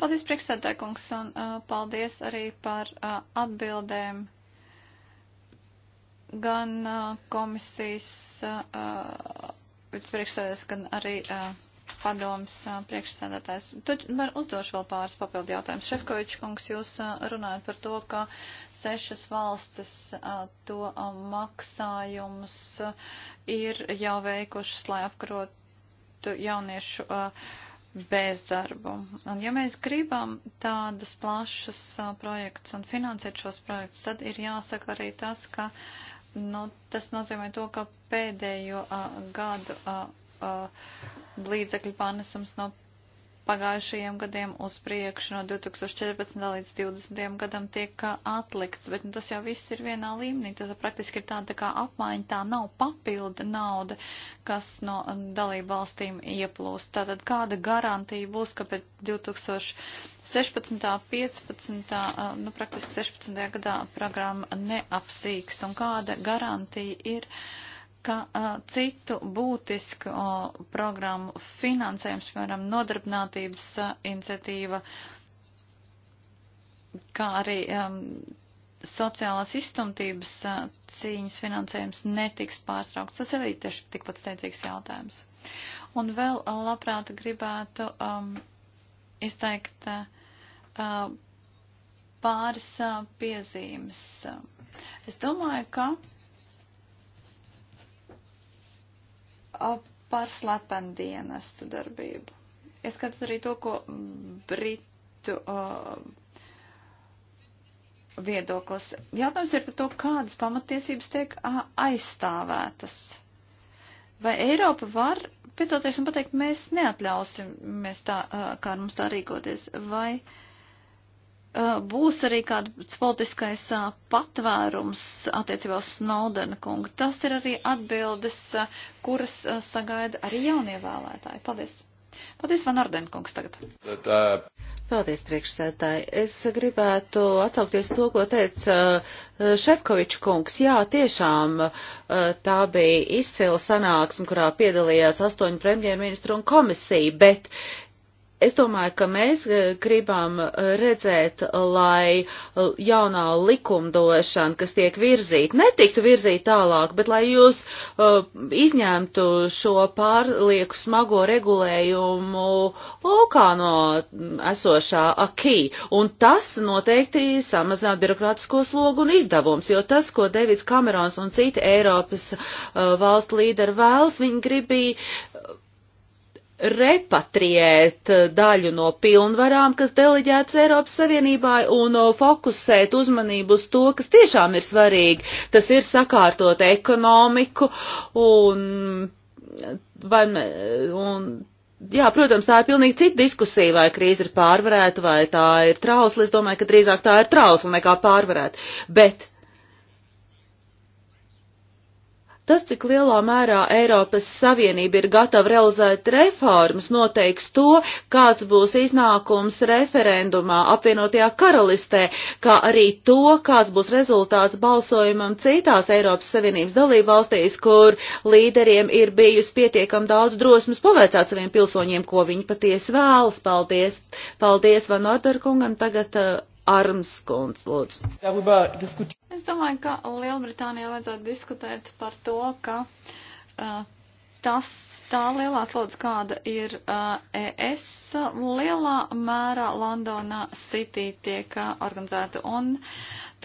Paldies priekšsēdētājkungs un uh, paldies arī par uh, atbildēm gan uh, komisijas uh, vicepriekšsēdētājs, gan arī uh, padoms uh, priekšsēdētājs. Tad man uzdošu vēl pāris papildu jautājumus. Šefkovičs kungs, jūs uh, runājat par to, ka sešas valstis uh, to uh, maksājumus uh, ir jau veikušas, lai apkarotu jauniešu. Uh, bezdarbu. Un ja mēs gribam tādus plašus uh, projektus un finansēt šos projektus, tad ir jāsaka arī tas, ka uh, Nu, tas nozīmē to, ka pēdējo uh, gadu uh, uh, līdzekļu panesums no pagājušajiem gadiem uz priekšu no 2014. līdz 2020. gadam tiek atlikts, bet nu, tas jau viss ir vienā līmenī, tas praktiski ir tāda kā apmaiņa, tā nav papilda nauda, kas no dalību valstīm ieplūst. Tātad kāda garantija būs, ka pēc 2016. 15. nu praktiski 16. gadā programma neapsīks un kāda garantija ir? Uh, ka uh, citu būtisku uh, programmu finansējums, piemēram, nodarbinātības uh, iniciatīva, kā arī um, sociālās izstumtības cīņas finansējums netiks pārtraukts. Tas arī tieši tikpat steidzīgs jautājums. Un vēl labprāt gribētu um, izteikt uh, pāris uh, piezīmes. Es domāju, ka par slepenu dienestu darbību. Es skatos arī to, ko Britu uh, viedoklis. Jautājums ir par to, kādas pamatiesības tiek uh, aizstāvētas. Vai Eiropa var piecelties un pateikt, mēs neatļausimies tā, uh, kā mums tā rīkoties, vai uh, būs arī kāds politiskais patvērums attiecībā uz Snowdena kungu. Tas ir arī atbildes, kuras sagaida arī jaunievēlētāji. Paldies! Paldies, Van Arden kungs, tagad. Paldies, priekšsētāji. Es gribētu atsaukties to, ko teica Šefkoviča kungs. Jā, tiešām tā bija izcila sanāksme, kurā piedalījās astoņu premjerministru un komisija, bet Es domāju, ka mēs e, gribam redzēt, lai e, jaunā likumdošana, kas tiek virzīta, netiktu virzīta tālāk, bet lai jūs uh, izņemtu šo pārlieku smago regulējumu laukā no esošā akī. Un tas noteikti samazinātu birokrātisko slogu un izdevums, jo tas, ko Devids Kamerons un citi Eiropas uh, valstu līderi vēlas, viņi gribīja repatriēt daļu no pilnvarām, kas deleģēts Eiropas Savienībai, un uh, fokusēt uzmanību uz to, kas tiešām ir svarīgi. Tas ir sakārtot ekonomiku, un, vai, un jā, protams, tā ir pilnīgi cita diskusija, vai krīze ir pārvarēta, vai tā ir trausla. Es domāju, ka drīzāk tā ir trausla nekā pārvarēta. Bet Tas, cik lielā mērā Eiropas Savienība ir gatava realizēt reformas, noteiks to, kāds būs iznākums referendumā apvienotajā karalistē, kā arī to, kāds būs rezultāts balsojumam citās Eiropas Savienības dalībvalstīs, kur līderiem ir bijusi pietiekam daudz drosmas pavēcāt saviem pilsoņiem, ko viņi patiesi vēlas. Paldies! Paldies Van Orderkungam! Tagad uh, Armskunds, lūdzu. Es domāju, ka Lielbritānijā vajadzētu diskutēt par to, ka uh, tas, tā lielā slodze, kāda ir uh, ES, lielā mērā Londonā City tiek uh, organizēta un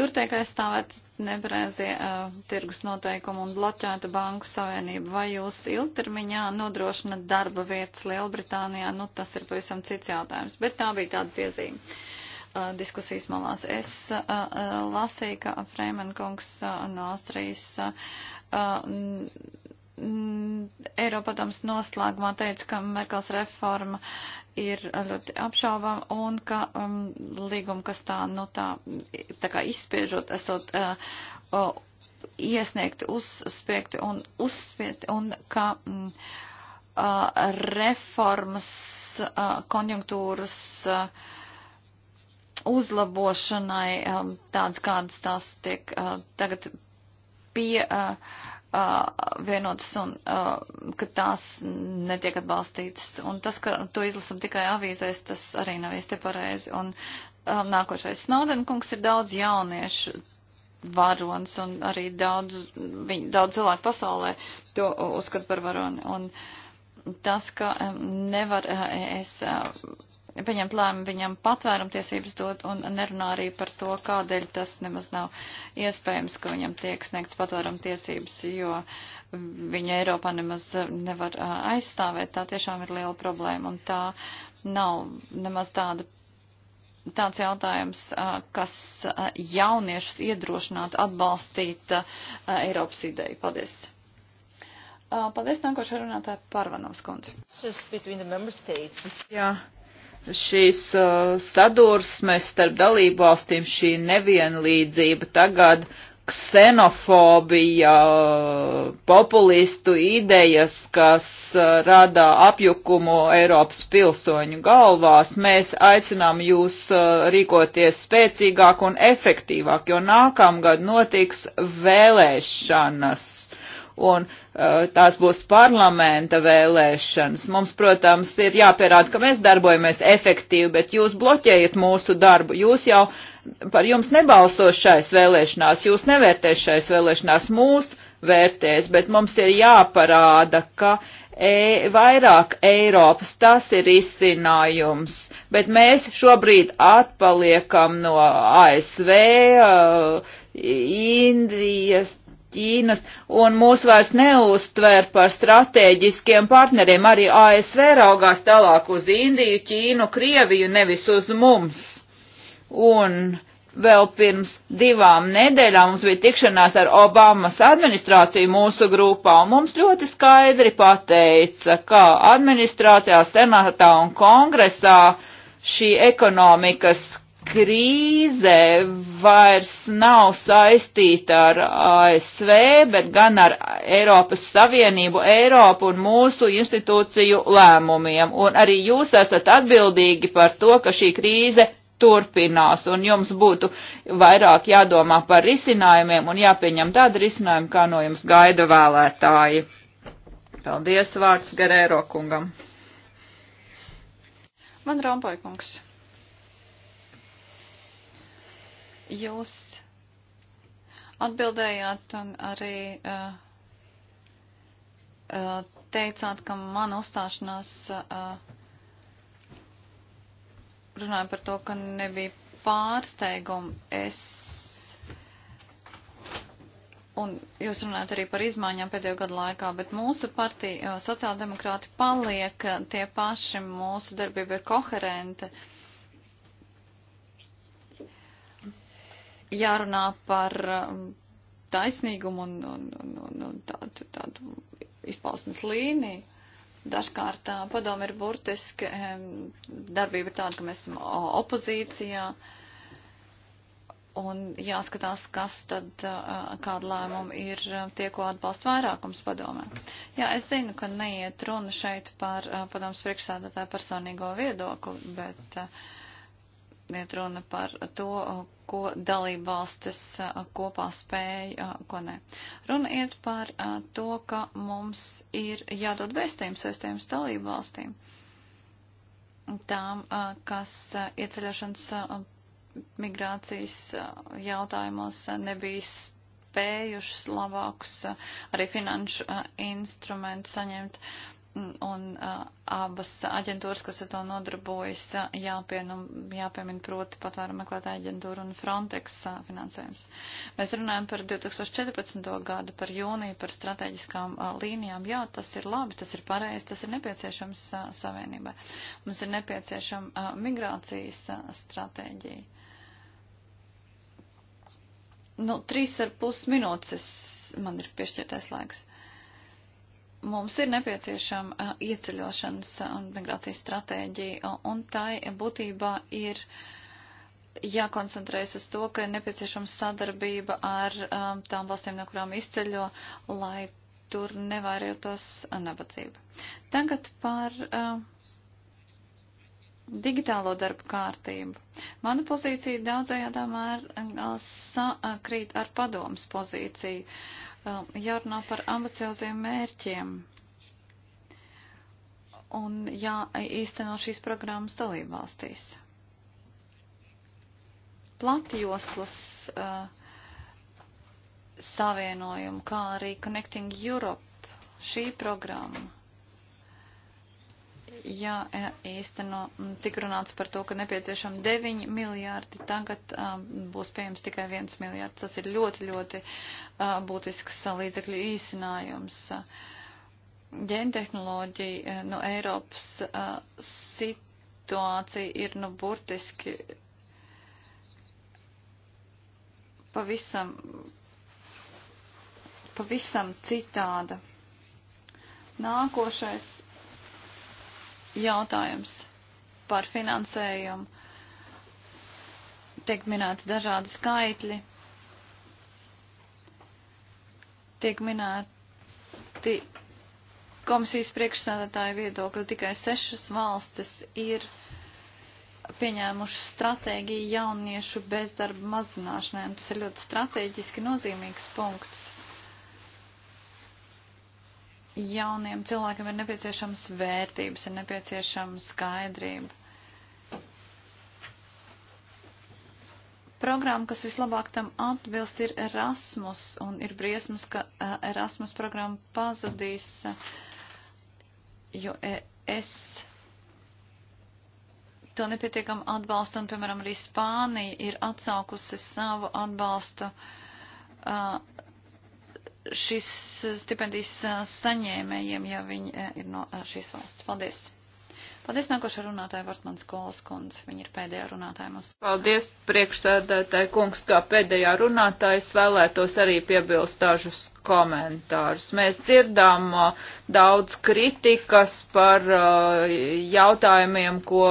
tur tiek aizstāvēt nepareizie uh, tirgus noteikumi un bloķēta banku savienība. Vai jūs ilgtermiņā nodrošinat darba vietas Lielbritānijā? Nu, tas ir pavisam cits jautājums, bet tā bija tāda piezīme. Uh, diskusijas malās. Es lasīju, ka Freimankungs no Austrijas Eiropadoms noslēgumā teica, ka Merkels reforma ir ļoti apšaubama un ka um, līguma, kas tā, nu tā, tā kā izspiežot, esot uh, uh, iesniegti, uzspiegti un uzspiesti un ka um, uh, reformas uh, konjunktūras uh, uzlabošanai, um, tādas kādas tās tiek uh, tagad pievienotas uh, uh, un uh, ka tās netiek atbalstītas. Un tas, ka to izlasam tikai avīzēs, tas arī nav īsti pareizi. Un um, nākošais Snowdenkungs ir daudz jauniešu varons un arī daudz, viņ, daudz cilvēku pasaulē to uzskata par varoni. Un tas, ka um, nevar uh, es. Uh, pieņemt lēmumu, viņam patvērumtiesības dod un nerunā arī par to, kādēļ tas nemaz nav iespējams, ka viņam tiek sniegts patvērumtiesības, jo viņa Eiropā nemaz nevar aizstāvēt. Tā tiešām ir liela problēma un tā nav nemaz tāda. Tāds jautājums, kas jauniešus iedrošinātu atbalstīt Eiropas ideju. Paldies! Paldies, nākošais runātāja Parvanovs kundze. Jā, šīs uh, sadursmes starp dalībvalstīm, šī nevienlīdzība tagad ksenofobija, populistu idejas, kas uh, rada apjukumu Eiropas pilsoņu galvās. Mēs aicinām jūs uh, rīkoties spēcīgāk un efektīvāk, jo nākamgad notiks vēlēšanas un uh, tās būs parlamenta vēlēšanas. Mums, protams, ir jāpierāda, ka mēs darbojamies efektīvi, bet jūs bloķējat mūsu darbu. Jūs jau par jums nebalsos šais vēlēšanās, jūs nevērtēs šais vēlēšanās, mūs vērtēs, bet mums ir jāparāda, ka e, vairāk Eiropas, tas ir izcinājums, bet mēs šobrīd atpaliekam no ASV, uh, e, Indijas, Ķīnas, un mūs vairs neuztver par strateģiskiem partneriem. Arī ASV raugās tālāk uz Indiju, Ķīnu, Krieviju, nevis uz mums. Un vēl pirms divām nedēļām mums bija tikšanās ar Obamas administrāciju mūsu grupā, un mums ļoti skaidri pateica, ka administrācijā, senātā un kongresā šī ekonomikas krīze vairs nav saistīta ar ASV, bet gan ar Eiropas Savienību, Eiropu un mūsu institūciju lēmumiem. Un arī jūs esat atbildīgi par to, ka šī krīze turpinās, un jums būtu vairāk jādomā par risinājumiem un jāpieņem tādi risinājumi, kā no jums gaida vēlētāji. Paldies vārds Gerēro kungam. Man Rompoja kungs. Jūs atbildējāt un arī uh, uh, teicāt, ka man uzstāšanās uh, runāja par to, ka nebija pārsteigumu. Es. Un jūs runājat arī par izmaiņām pēdējo gadu laikā, bet mūsu partija, uh, sociāldemokrāti, paliek tie paši, mūsu darbība ir koherente. Uh, jārunā par um, taisnīgumu un, un, un, un, un tādu, tādu izpausmes līniju. Dažkārt padomi ir burtiski, darbība ir tāda, ka mēs esam opozīcijā un jāskatās, kas tad, kāda lēmuma ir tie, ko atbalsta vairākums padomē. Jā, es zinu, ka neiet runa šeit par padoms priekšsādātāju personīgo viedokli, bet uh, iet runa par to, ko dalība valstis kopā spēja, ko nē. Runa iet par to, ka mums ir jādod vēstījums saistījums dalību valstīm. Tām, kas ieceļošanas migrācijas jautājumos nebija spējušas labākus arī finanšu instrumentu saņemt un uh, abas aģentūras, kas ar to nodarbojas, jāpienum, jāpiemina proti patvēru meklētāju aģentūru un Frontex uh, finansējums. Mēs runājam par 2014. gadu, par jūniju, par strateģiskām uh, līnijām. Jā, tas ir labi, tas ir pareizi, tas ir nepieciešams uh, savienībai. Mums ir nepieciešama uh, migrācijas uh, stratēģija. Nu, trīs ar pus minūtes man ir piešķirtais laiks mums ir nepieciešama ieceļošanas un migrācijas stratēģija, un tai būtībā ir jākoncentrējas uz to, ka ir nepieciešama sadarbība ar um, tām valstīm, no kurām izceļo, lai tur nevairītos nabadzība. Tagad par uh, digitālo darbu kārtību. Mana pozīcija daudzajādā mērā sakrīt ar padomas pozīciju. Uh, jārunā par ambicioziem mērķiem un jāīsteno šīs programmas dalībvalstīs. Platjoslas uh, savienojumu, kā arī Connecting Europe šī programma Jā, e, īsteno nu, tik runāts par to, ka nepieciešam 9 miljārdi, tagad um, būs pieejams tikai 1 miljārds. Tas ir ļoti, ļoti uh, būtisks uh, līdzekļu īsinājums. Ģentehnoloģija uh, e, no nu, Eiropas uh, situācija ir nu burtiski pavisam, pavisam citāda. Nākošais jautājums par finansējumu. Tiek minēti dažādi skaitļi, tiek minēti komisijas priekšsēdētāja viedokļi, tikai sešas valstis ir pieņēmuši stratēģiju jauniešu bezdarba mazināšanai, un tas ir ļoti strateģiski nozīmīgs punkts jauniem cilvēkiem ir nepieciešams vērtības, ir nepieciešama skaidrība. Programma, kas vislabāk tam atbilst, ir Erasmus, un ir briesmas, ka e, Erasmus programma pazudīs, jo es to nepietiekam atbalstu, un, piemēram, arī Spānija ir atsaukusi savu atbalstu uh, šis eh, stipendijas eh, saņēmējiem, ja viņi eh, ir no šīs valsts. Paldies! Paldies nākošā runātāja Vartmans Kolas kundze. Viņa ir pēdējā runātāja mums. Paldies priekšsēdētāja kungs, kā pēdējā runātāja. Es vēlētos arī piebilst dažus komentārus. Mēs dzirdām daudz kritikas par jautājumiem, ko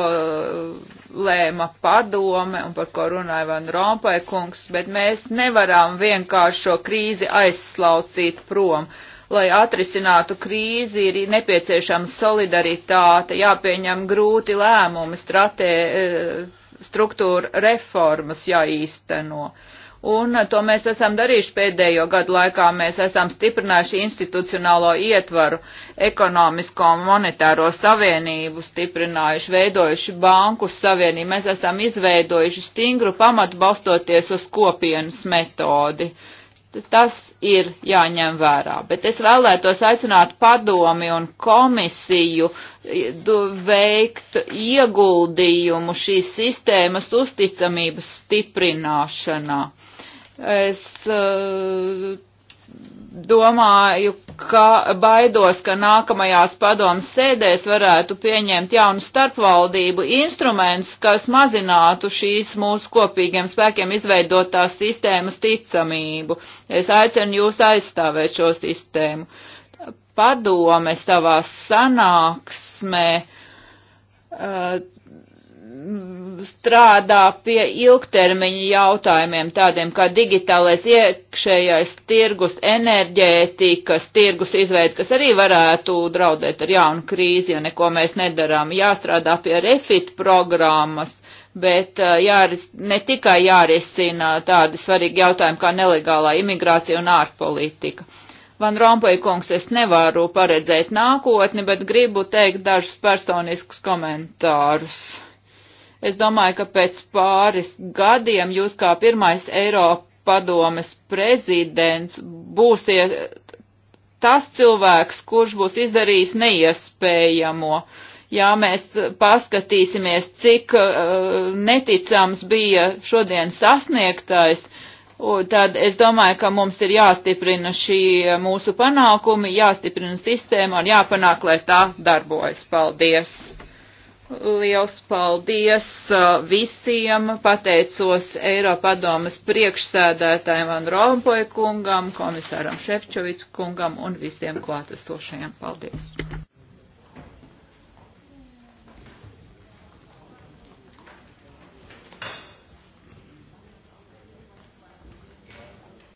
lēma padome un par ko runāja Van Rompai kungs, bet mēs nevaram vienkārši šo krīzi aizslaucīt prom. Lai atrisinātu krīzi, ir nepieciešama solidaritāte, jāpieņem grūti lēmumi, stratē, eh, struktūra reformas jāīsteno. No Un to mēs esam darījuši pēdējo gadu laikā. Mēs esam stiprinājuši institucionālo ietvaru, ekonomisko un monetāro savienību, stiprinājuši, veidojuši banku savienību. Mēs esam izveidojuši stingru pamatu balstoties uz kopienas metodi. Tas ir jāņem vērā. Bet es vēlētos aicināt padomi un komisiju eh, veikt ieguldījumu šīs sistēmas uzticamības stiprināšanā Es uh, domāju, ka baidos, ka nākamajās padomas sēdēs varētu pieņemt jaunu starpvaldību instruments, kas mazinātu šīs mūsu kopīgiem spēkiem izveidotās sistēmas ticamību. Es aicinu jūs aizstāvēt šo sistēmu. Padome savā sanāksmē uh, strādā pie ilgtermiņa jautājumiem, tādiem kā digitālais iekšējais tirgus, enerģētikas, tirgus izveid, kas arī varētu draudēt ar jaunu krīzi, jo neko mēs nedarām. Jāstrādā pie refit programmas, bet uh, jāris, ne tikai jārisina tādi svarīgi jautājumi kā nelegālā imigrācija un ārpolitika. Van Rompuy kungs, es nevaru paredzēt nākotni, bet gribu teikt dažus personiskus komentārus Es domāju, ka pēc pāris gadiem jūs kā pirmais Eiropa padomes prezidents būsiet tas cilvēks, kurš būs izdarījis neiespējamo. Ja mēs paskatīsimies, cik uh, neticams bija šodien sasniegtais, tad es domāju, ka mums ir jāstiprina šī mūsu panākumi, jāstiprina sistēma un jāpanāk, lai tā darbojas. Paldies! Liels paldies uh, visiem, pateicos Eiropadomas priekšsēdētājiem Van Rompuy kungam, komisāram Šefčovic kungam un visiem klātesošajiem. Paldies!